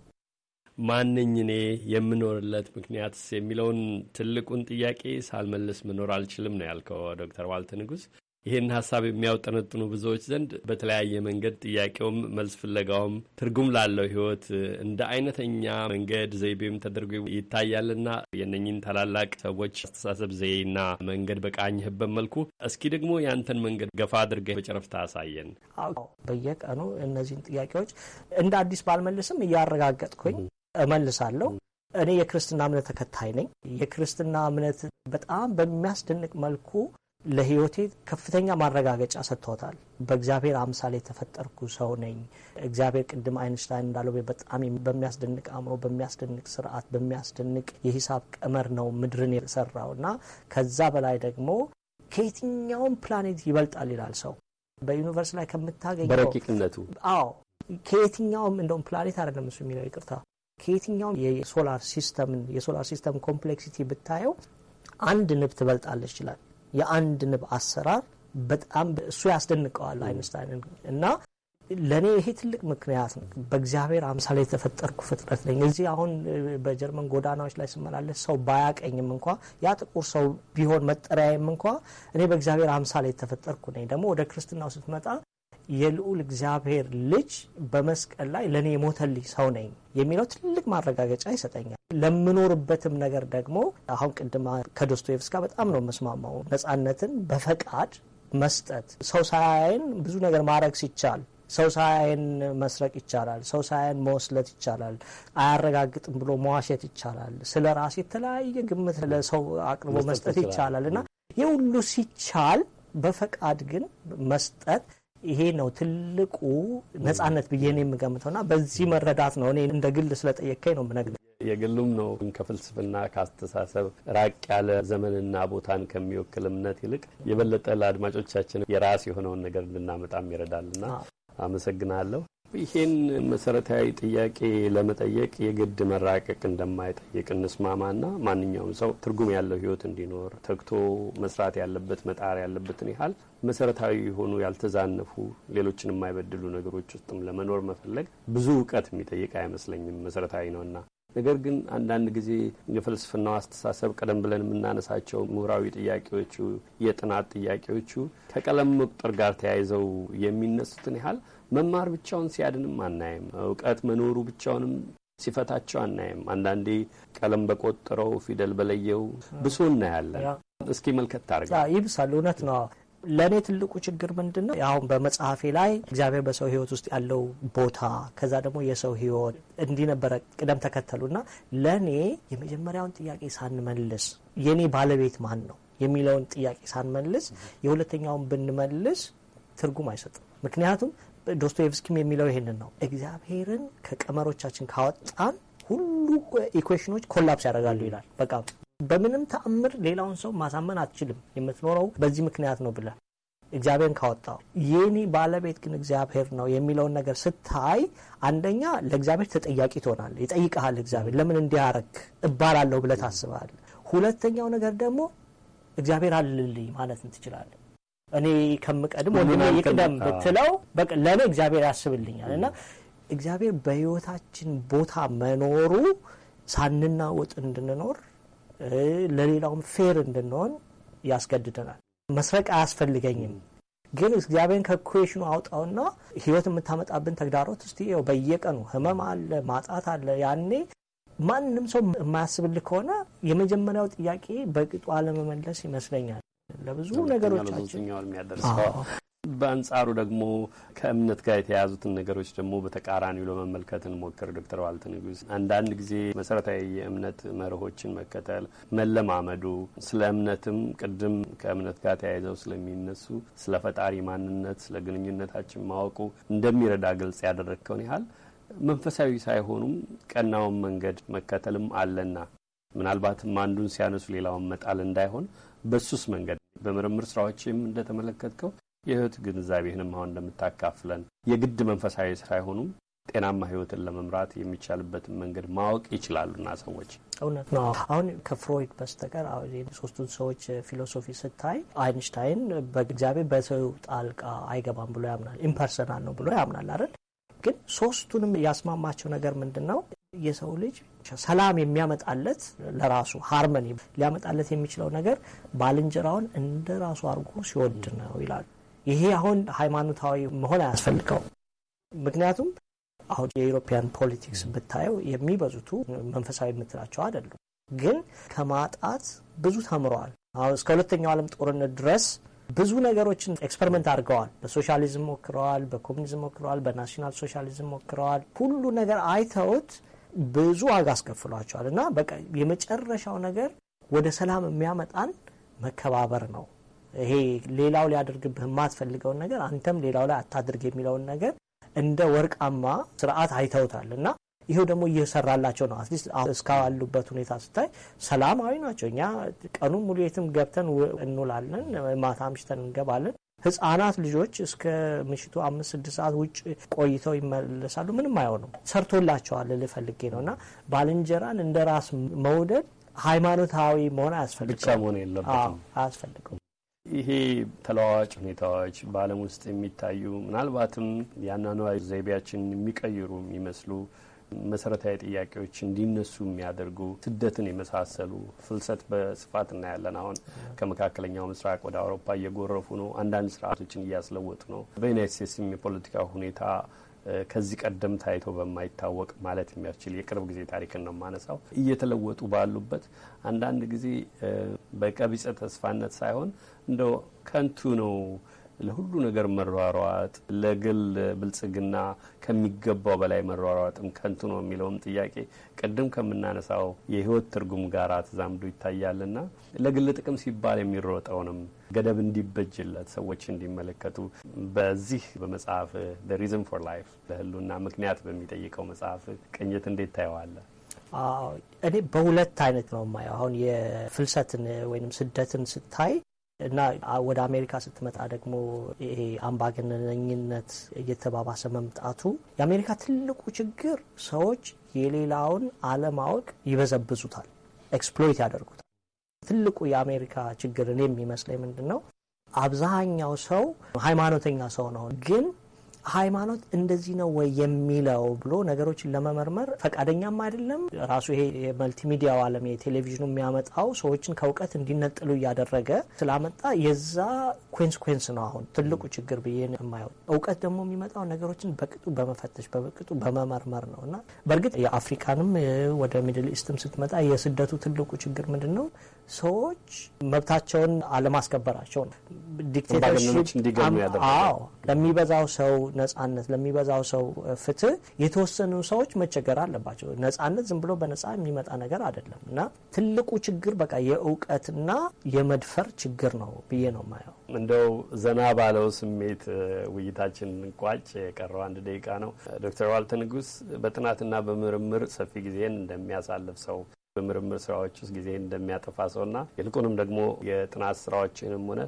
ማንኝ እኔ የምኖርለት ምክንያትስ የሚለውን ትልቁን ጥያቄ ሳልመልስ መኖር አልችልም ነው ያልከው ዶክተር ዋልተ ንጉስ። ይህን ሀሳብ የሚያውጠነጥኑ ብዙዎች ዘንድ በተለያየ መንገድ ጥያቄውም መልስ ፍለጋውም ትርጉም ላለው ህይወት እንደ አይነተኛ መንገድ ዘይቤም ተደርጎ ይታያልና የነኝን ታላላቅ ሰዎች አስተሳሰብ ዘዬና መንገድ በቃኝህበት መልኩ እስኪ ደግሞ ያንተን መንገድ ገፋ አድርገህ በጨረፍታ አሳየን። በየቀኑ እነዚህን ጥያቄዎች እንደ አዲስ ባልመልስም እያረጋገጥኩኝ እመልሳለሁ። እኔ የክርስትና እምነት ተከታይ ነኝ። የክርስትና እምነት በጣም በሚያስደንቅ መልኩ ለህይወቴ ከፍተኛ ማረጋገጫ ሰጥቶታል። በእግዚአብሔር አምሳል የተፈጠርኩ ሰው ነኝ። እግዚአብሔር ቅድም አይንስታይን እንዳለው በጣም በሚያስደንቅ አእምሮ፣ በሚያስደንቅ ስርዓት፣ በሚያስደንቅ የሂሳብ ቀመር ነው ምድርን የሰራው እና ከዛ በላይ ደግሞ ከየትኛውም ፕላኔት ይበልጣል ይላል ሰው በዩኒቨርስ ላይ ከምታገኘው በረቂቅነቱ። አዎ ከየትኛውም እንደውም ፕላኔት አይደለም እሱ የሚለው ይቅርታ፣ ከየትኛውም የሶላር ሲስተምን የሶላር ሲስተም ኮምፕሌክሲቲ ብታየው አንድ ንብ ትበልጣለች ይችላል የአንድ ንብ አሰራር በጣም እሱ ያስደንቀዋል አይንስታይንን እና ለእኔ ይሄ ትልቅ ምክንያት ነው። በእግዚአብሔር አምሳል የተፈጠርኩ ፍጥረት ነኝ። እዚህ አሁን በጀርመን ጎዳናዎች ላይ ስመላለስ ሰው ባያቀኝም እንኳ ያ ጥቁር ሰው ቢሆን መጠሪያዬም እንኳ እኔ በእግዚአብሔር አምሳል የተፈጠርኩ ነኝ። ደግሞ ወደ ክርስትናው ስትመጣ የልዑል እግዚአብሔር ልጅ በመስቀል ላይ ለእኔ የሞተልኝ ሰው ነኝ የሚለው ትልቅ ማረጋገጫ ይሰጠኛል። ለምኖርበትም ነገር ደግሞ አሁን ቅድማ ከዶስቶኤቭስኪ ጋር በጣም ነው መስማማው። ነጻነትን በፈቃድ መስጠት ሰው ሳያይን ብዙ ነገር ማድረግ ሲቻል ሰው ሳያይን መስረቅ ይቻላል። ሰው ሳያይን መወስለት ይቻላል። አያረጋግጥም ብሎ መዋሸት ይቻላል። ስለ ራስ የተለያየ ግምት ለሰው አቅርቦ መስጠት ይቻላል እና የሁሉ ሲቻል በፈቃድ ግን መስጠት ይሄ ነው ትልቁ ነጻነት ብዬ ነው የምገምተው። ና በዚህ መረዳት ነው እኔ እንደ ግል ስለጠየከኝ ነው ምነግ የግሉም ነው ከፍልስፍና ከአስተሳሰብ ራቅ ያለ ዘመንና ቦታን ከሚወክል እምነት ይልቅ የበለጠ ለአድማጮቻችን የራስ የሆነውን ነገር እንድናመጣም ይረዳልና አመሰግናለሁ። ይህን መሰረታዊ ጥያቄ ለመጠየቅ የግድ መራቀቅ እንደማይጠይቅ እንስማማና ማንኛውም ሰው ትርጉም ያለው ሕይወት እንዲኖር ተግቶ መስራት ያለበት መጣር ያለበትን ያህል መሰረታዊ የሆኑ ያልተዛነፉ ሌሎችን የማይበድሉ ነገሮች ውስጥም ለመኖር መፈለግ ብዙ እውቀት የሚጠይቅ አይመስለኝም። መሰረታዊ ነውና። ነገር ግን አንዳንድ ጊዜ የፍልስፍናው አስተሳሰብ ቀደም ብለን የምናነሳቸው ምሁራዊ ጥያቄዎቹ፣ የጥናት ጥያቄዎቹ ከቀለም መቁጠር ጋር ተያይዘው የሚነሱትን ያህል መማር ብቻውን ሲያድንም አናይም። እውቀት መኖሩ ብቻውንም ሲፈታቸው አናይም። አንዳንዴ ቀለም በቆጠረው ፊደል በለየው ብሶ እናያለን። እስኪ መልከት ታርጋ ይብሳል። እውነት ነው። ለእኔ ትልቁ ችግር ምንድን ነው? አሁን በመጽሐፌ ላይ እግዚአብሔር በሰው ሕይወት ውስጥ ያለው ቦታ ከዛ ደግሞ የሰው ሕይወት እንዲህ ነበረ ቅደም ተከተሉና ለእኔ የመጀመሪያውን ጥያቄ ሳንመልስ የእኔ ባለቤት ማን ነው የሚለውን ጥያቄ ሳንመልስ የሁለተኛውን ብንመልስ ትርጉም አይሰጥም። ምክንያቱም ዶስቶኤቭስኪም የሚለው ይሄንን ነው። እግዚአብሔርን ከቀመሮቻችን ካወጣን ሁሉ ኢኩዌሽኖች ኮላፕስ ያደርጋሉ ይላል። በቃ በምንም ተአምር ሌላውን ሰው ማሳመን አትችልም። የምትኖረው በዚህ ምክንያት ነው ብላል። እግዚአብሔርን ካወጣው የኔ ባለቤት ግን እግዚአብሔር ነው የሚለውን ነገር ስታይ አንደኛ ለእግዚአብሔር ተጠያቂ ትሆናል። ይጠይቀሃል። እግዚአብሔር ለምን እንዲያረግ እባላለሁ ብለ ታስባል። ሁለተኛው ነገር ደግሞ እግዚአብሔር አልልይ ማለትን ትችላለ እኔ ከምቀድም ወንድሜ ይቅደም ብትለው ለእኔ እግዚአብሔር ያስብልኛል እና እግዚአብሔር በህይወታችን ቦታ መኖሩ ሳንናወጥ እንድንኖር ለሌላውም ፌር እንድንሆን ያስገድደናል። መስረቅ አያስፈልገኝም። ግን እግዚአብሔርን ከኩዌሽኑ አውጣውና ህይወት የምታመጣብን ተግዳሮት ውስጥ ው በየቀኑ ህመም አለ፣ ማጣት አለ። ያኔ ማንም ሰው የማያስብልህ ከሆነ የመጀመሪያው ጥያቄ በቅጡ አለመመለስ ይመስለኛል። ለብዙ ነገሮቻችን በአንጻሩ ደግሞ ከእምነት ጋር የተያያዙትን ነገሮች ደግሞ በተቃራኒው ለመመልከት እንሞክር። ዶክተር ዋልት ንጉስ አንዳንድ ጊዜ መሰረታዊ የእምነት መርሆችን መከተል መለማመዱ፣ ስለ እምነትም ቅድም ከእምነት ጋር ተያይዘው ስለሚነሱ ስለ ፈጣሪ ማንነት፣ ስለ ግንኙነታችን ማወቁ እንደሚረዳ ግልጽ ያደረግከውን ያህል መንፈሳዊ ሳይሆኑም ቀናውን መንገድ መከተልም አለና ምናልባትም አንዱን ሲያነሱ ሌላውን መጣል እንዳይሆን በሱስ መንገድ በምርምር ስራዎችም እንደተመለከትከው የህይወት ግንዛቤህንም አሁን እንደምታካፍለን የግድ መንፈሳዊ ሳይሆኑም ጤናማ ህይወትን ለመምራት የሚቻልበትን መንገድ ማወቅ ይችላሉና ሰዎች እውነት ነው። አሁን ከፍሮይድ በስተቀር ሶስቱን ሰዎች ፊሎሶፊ ስታይ አይንሽታይን በእግዚአብሔር በሰው ጣልቃ አይገባም ብሎ ያምናል። ኢምፐርሰናል ነው ብሎ ያምናል አይደል? ግን ሶስቱንም ያስማማቸው ነገር ምንድን ነው? የሰው ልጅ ሰላም የሚያመጣለት ለራሱ ሃርመኒ ሊያመጣለት የሚችለው ነገር ባልንጀራውን እንደ ራሱ አድርጎ ሲወድ ነው ይላሉ። ይሄ አሁን ሃይማኖታዊ መሆን አያስፈልገው። ምክንያቱም አሁን የኢሮፒያን ፖለቲክስ ብታየው የሚበዙቱ መንፈሳዊ የምትላቸው አይደሉም፣ ግን ከማጣት ብዙ ተምረዋል። አሁን እስከ ሁለተኛው ዓለም ጦርነት ድረስ ብዙ ነገሮችን ኤክስፐሪመንት አድርገዋል። በሶሻሊዝም ሞክረዋል፣ በኮሚኒዝም ሞክረዋል፣ በናሽናል ሶሻሊዝም ሞክረዋል። ሁሉ ነገር አይተውት ብዙ ዋጋ አስከፍሏቸዋል እና በቃ የመጨረሻው ነገር ወደ ሰላም የሚያመጣን መከባበር ነው። ይሄ ሌላው ሊያደርግብህ የማትፈልገውን ነገር አንተም ሌላው ላይ አታድርግ የሚለውን ነገር እንደ ወርቃማ ስርዓት አይተውታል እና ይሄው ደግሞ እየሰራላቸው ነው። አትሊስት እስካሉበት ሁኔታ ስታይ ሰላማዊ ናቸው። እኛ ቀኑን ሙሉ የትም ገብተን እንውላለን፣ ማታ አምሽተን እንገባለን። ህጻናት ልጆች እስከ ምሽቱ አምስት ስድስት ሰዓት ውጭ ቆይተው ይመለሳሉ። ምንም አይሆኑም። ሰርቶላቸዋል ልፈልጌ ነው እና ባልንጀራን እንደ ራስ መውደድ ሃይማኖታዊ መሆን አያስፈልግም አያስፈልግም። ይሄ ተለዋዋጭ ሁኔታዎች በዓለም ውስጥ የሚታዩ ምናልባትም የአኗኗር ዘይቤያችን የሚቀይሩ የሚመስሉ መሰረታዊ ጥያቄዎች እንዲነሱ የሚያደርጉ ስደትን የመሳሰሉ ፍልሰት በስፋት እናያለን። አሁን ከመካከለኛው ምስራቅ ወደ አውሮፓ እየጎረፉ ነው። አንዳንድ ስርዓቶችን እያስለወጡ ነው። በዩናይት ስቴትስም የፖለቲካ ሁኔታ ከዚህ ቀደም ታይቶ በማይታወቅ ማለት የሚያስችል የቅርብ ጊዜ ታሪክን ነው የማነሳው። እየተለወጡ ባሉበት አንዳንድ ጊዜ በቀቢጸ ተስፋነት ሳይሆን እንደው ከንቱ ነው ለሁሉ ነገር መሯሯጥ ለግል ብልጽግና ከሚገባው በላይ መሯሯጥም ከንቱ ነው የሚለውም ጥያቄ ቅድም ከምናነሳው የህይወት ትርጉም ጋር ተዛምዶ ይታያልና ለግል ጥቅም ሲባል የሚሮጠውንም ገደብ እንዲበጅለት ሰዎች እንዲመለከቱ በዚህ በመጽሐፍ ዘ ሪዝን ፎር ላይፍ ለህሉና ምክንያት በሚጠይቀው መጽሐፍ ቅኝት እንዴት ታየዋለ? እኔ በሁለት አይነት ነው የማየው። አሁን የፍልሰትን ወይም ስደትን ስታይ እና ወደ አሜሪካ ስትመጣ ደግሞ ይሄ አምባገነነኝነት እየተባባሰ መምጣቱ የአሜሪካ ትልቁ ችግር ሰዎች የሌላውን አለማወቅ ይበዘብዙታል፣ ኤክስፕሎይት ያደርጉታል። ትልቁ የአሜሪካ ችግር እኔ የሚመስለኝ ምንድን ነው አብዛኛው ሰው ሃይማኖተኛ ሰው ነው፣ ግን ሃይማኖት እንደዚህ ነው ወይ የሚለው ብሎ ነገሮችን ለመመርመር ፈቃደኛም አይደለም። ራሱ ይሄ የመልቲሚዲያው ዓለም የቴሌቪዥኑ የሚያመጣው ሰዎችን ከእውቀት እንዲነጥሉ እያደረገ ስላመጣ የዛ ኮንስኮንስ ነው አሁን ትልቁ ችግር ብዬ የማየው። እውቀት ደግሞ የሚመጣው ነገሮችን በቅጡ በመፈተሽ በቅጡ በመመርመር ነው እና በእርግጥ የአፍሪካንም ወደ ሚድል ኢስትም ስትመጣ የስደቱ ትልቁ ችግር ምንድን ነው? ሰዎች መብታቸውን አለማስከበራቸው ነው። ዲክቴተርሺፕ ለሚበዛው ሰው ነጻነት፣ ለሚበዛው ሰው ፍትህ የተወሰኑ ሰዎች መቸገር አለባቸው። ነጻነት ዝም ብሎ በነጻ የሚመጣ ነገር አይደለም እና ትልቁ ችግር በቃ የእውቀትና የመድፈር ችግር ነው ብዬ ነው ማየው። እንደው ዘና ባለው ስሜት ውይይታችን ቋጭ። የቀረው አንድ ደቂቃ ነው። ዶክተር ዋልተ ንጉስ በጥናትና በምርምር ሰፊ ጊዜን እንደሚያሳልፍ ሰው በምርምር ስራዎች ውስጥ ጊዜን እንደሚያጠፋ ሰውና ይልቁንም ደግሞ የጥናት ስራዎችንም ሆነ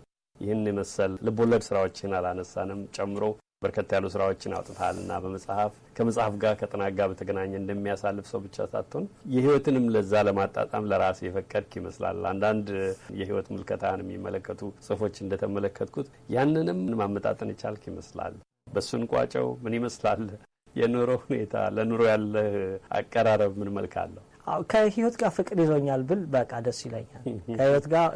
ይህን የመሰል ልቦለድ ስራዎችን አላነሳንም ጨምሮ በርከት ያሉ ስራዎችን አውጥታልና በመጽሐፍ ከመጽሐፍ ጋር ከጥናት ጋር በተገናኘ እንደሚያሳልፍ ሰው ብቻ ሳትሆን የህይወትንም ለዛ ለማጣጣም ለራስ የፈቀድክ ይመስላል። አንዳንድ የህይወት ምልከታን የሚመለከቱ ጽሁፎች እንደተመለከትኩት ያንንም ማመጣጠን ይቻልክ ይመስላል። በሱን ቋጨው ምን ይመስላል? የኑሮ ሁኔታ ለኑሮ ያለህ አቀራረብ ምን መልክ አለው? ከህይወት ጋር ፍቅር ይዞኛል ብል በቃ ደስ ይለኛል። ከህይወት ጋር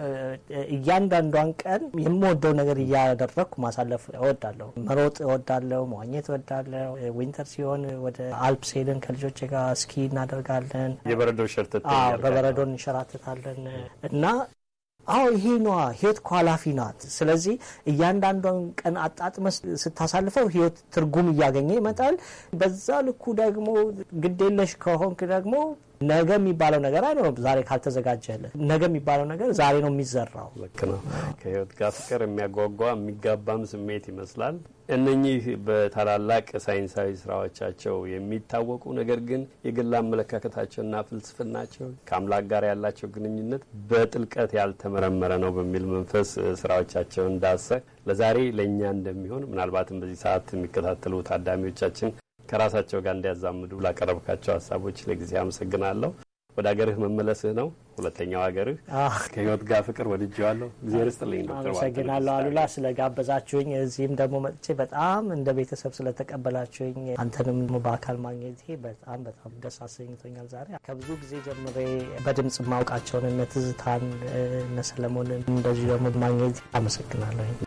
እያንዳንዷን ቀን የምወደው ነገር እያደረግኩ ማሳለፍ እወዳለሁ። መሮጥ እወዳለሁ፣ መዋኘት እወዳለሁ። ዊንተር ሲሆን ወደ አልፕስ ሄደን ከልጆች ጋር ስኪ እናደርጋለን። የበረዶ ሸርተት በበረዶ እንሸራተታለን እና አዎ ይሄ ነዋ ህይወት እኮ ኃላፊ ናት። ስለዚህ እያንዳንዷን ቀን አጣጥመ ስታሳልፈው ህይወት ትርጉም እያገኘ ይመጣል። በዛ ልኩ ደግሞ ግዴለሽ ከሆንክ ደግሞ ነገ የሚባለው ነገር አይኖርም። ዛሬ ካልተዘጋጀለ ነገ የሚባለው ነገር ዛሬ ነው የሚዘራው። ልክ ነው። ከህይወት ጋር ፍቅር የሚያጓጓ የሚጋባም ስሜት ይመስላል። እነኚህ በታላላቅ ሳይንሳዊ ስራዎቻቸው የሚታወቁ ነገር ግን የግል አመለካከታቸውና ፍልስፍናቸው ከአምላክ ጋር ያላቸው ግንኙነት በጥልቀት ያልተመረመረ ነው በሚል መንፈስ ስራዎቻቸውን እንዳሰ ለዛሬ ለእኛ እንደሚሆን ምናልባትም በዚህ ሰዓት የሚከታተሉ ታዳሚዎቻችን ከራሳቸው ጋር እንዲያዛምዱ ላቀረብካቸው ሀሳቦች ለጊዜ አመሰግናለሁ። ወደ ሀገርህ መመለስህ ነው። ሁለተኛው ሀገርህ ከህይወት ጋር ፍቅር ወድጄዋለሁ። እግዚአብሔር ይስጥልኝ ዶክተር። አመሰግናለሁ አሉላ ስለ ጋበዛችሁኝ። እዚህም ደግሞ መጥቼ በጣም እንደ ቤተሰብ ስለተቀበላችሁኝ፣ አንተንም በአካል ማግኘት በጣም በጣም ደስ አሰኝቶኛል። ዛሬ ከብዙ ጊዜ ጀምሬ በድምፅ ማውቃቸውን እነ ትዝታን እነ ሰለሞንን እንደዚሁ ደግሞ ማግኘት አመሰግናለሁኝ።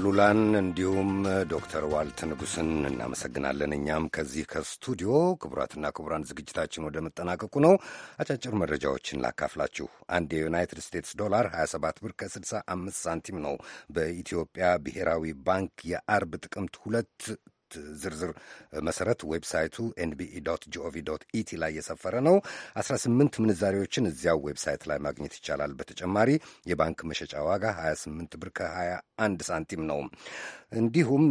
አሉላን እንዲሁም ዶክተር ዋልት ንጉስን እናመሰግናለን። እኛም ከዚህ ከስቱዲዮ ክቡራትና ክቡራን ዝግጅታችን ወደ መጠናቀቁ ነው። አጫጭር መረጃዎችን ላካፍላችሁ። አንድ የዩናይትድ ስቴትስ ዶላር 27 ብር ከ65 ሳንቲም ነው በኢትዮጵያ ብሔራዊ ባንክ የአርብ ጥቅምት ሁለት ዝርዝር መሰረት ዌብሳይቱ ኤንቢኢ ጂኦቪ ኢቲ ላይ የሰፈረ ነው። 18 ምንዛሬዎችን እዚያው ዌብሳይት ላይ ማግኘት ይቻላል። በተጨማሪ የባንክ መሸጫ ዋጋ 28 ብር ከ21 ሳንቲም ነው። እንዲሁም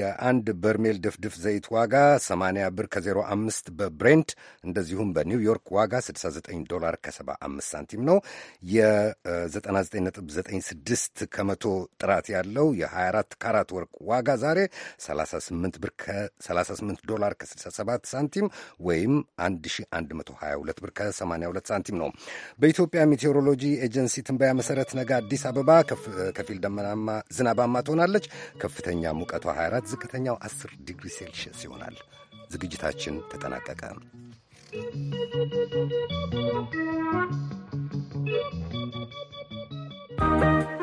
የአንድ በርሜል ድፍድፍ ዘይት ዋጋ 80 ብር ከ05 በብሬንት እንደዚሁም በኒውዮርክ ዋጋ 69 ዶላር ከ75 ሳንቲም ነው። የ99.96 ከመቶ ጥራት ያለው የ24 ካራት ወርቅ ዋጋ ዛሬ 38 ብር ከ38 ዶላር ከ67 ሳንቲም ወይም 1122 ብር ከ82 ሳንቲም ነው። በኢትዮጵያ ሜቴሮሎጂ ኤጀንሲ ትንበያ መሰረት ነገ አዲስ አበባ ከፊል ደመናማ ዝናባማ ትሆናለች። ከፍተኛ ሙቀቷ 24፣ ዝቅተኛው 10 ዲግሪ ሴልሺየስ ይሆናል። ዝግጅታችን ተጠናቀቀ። Thank you.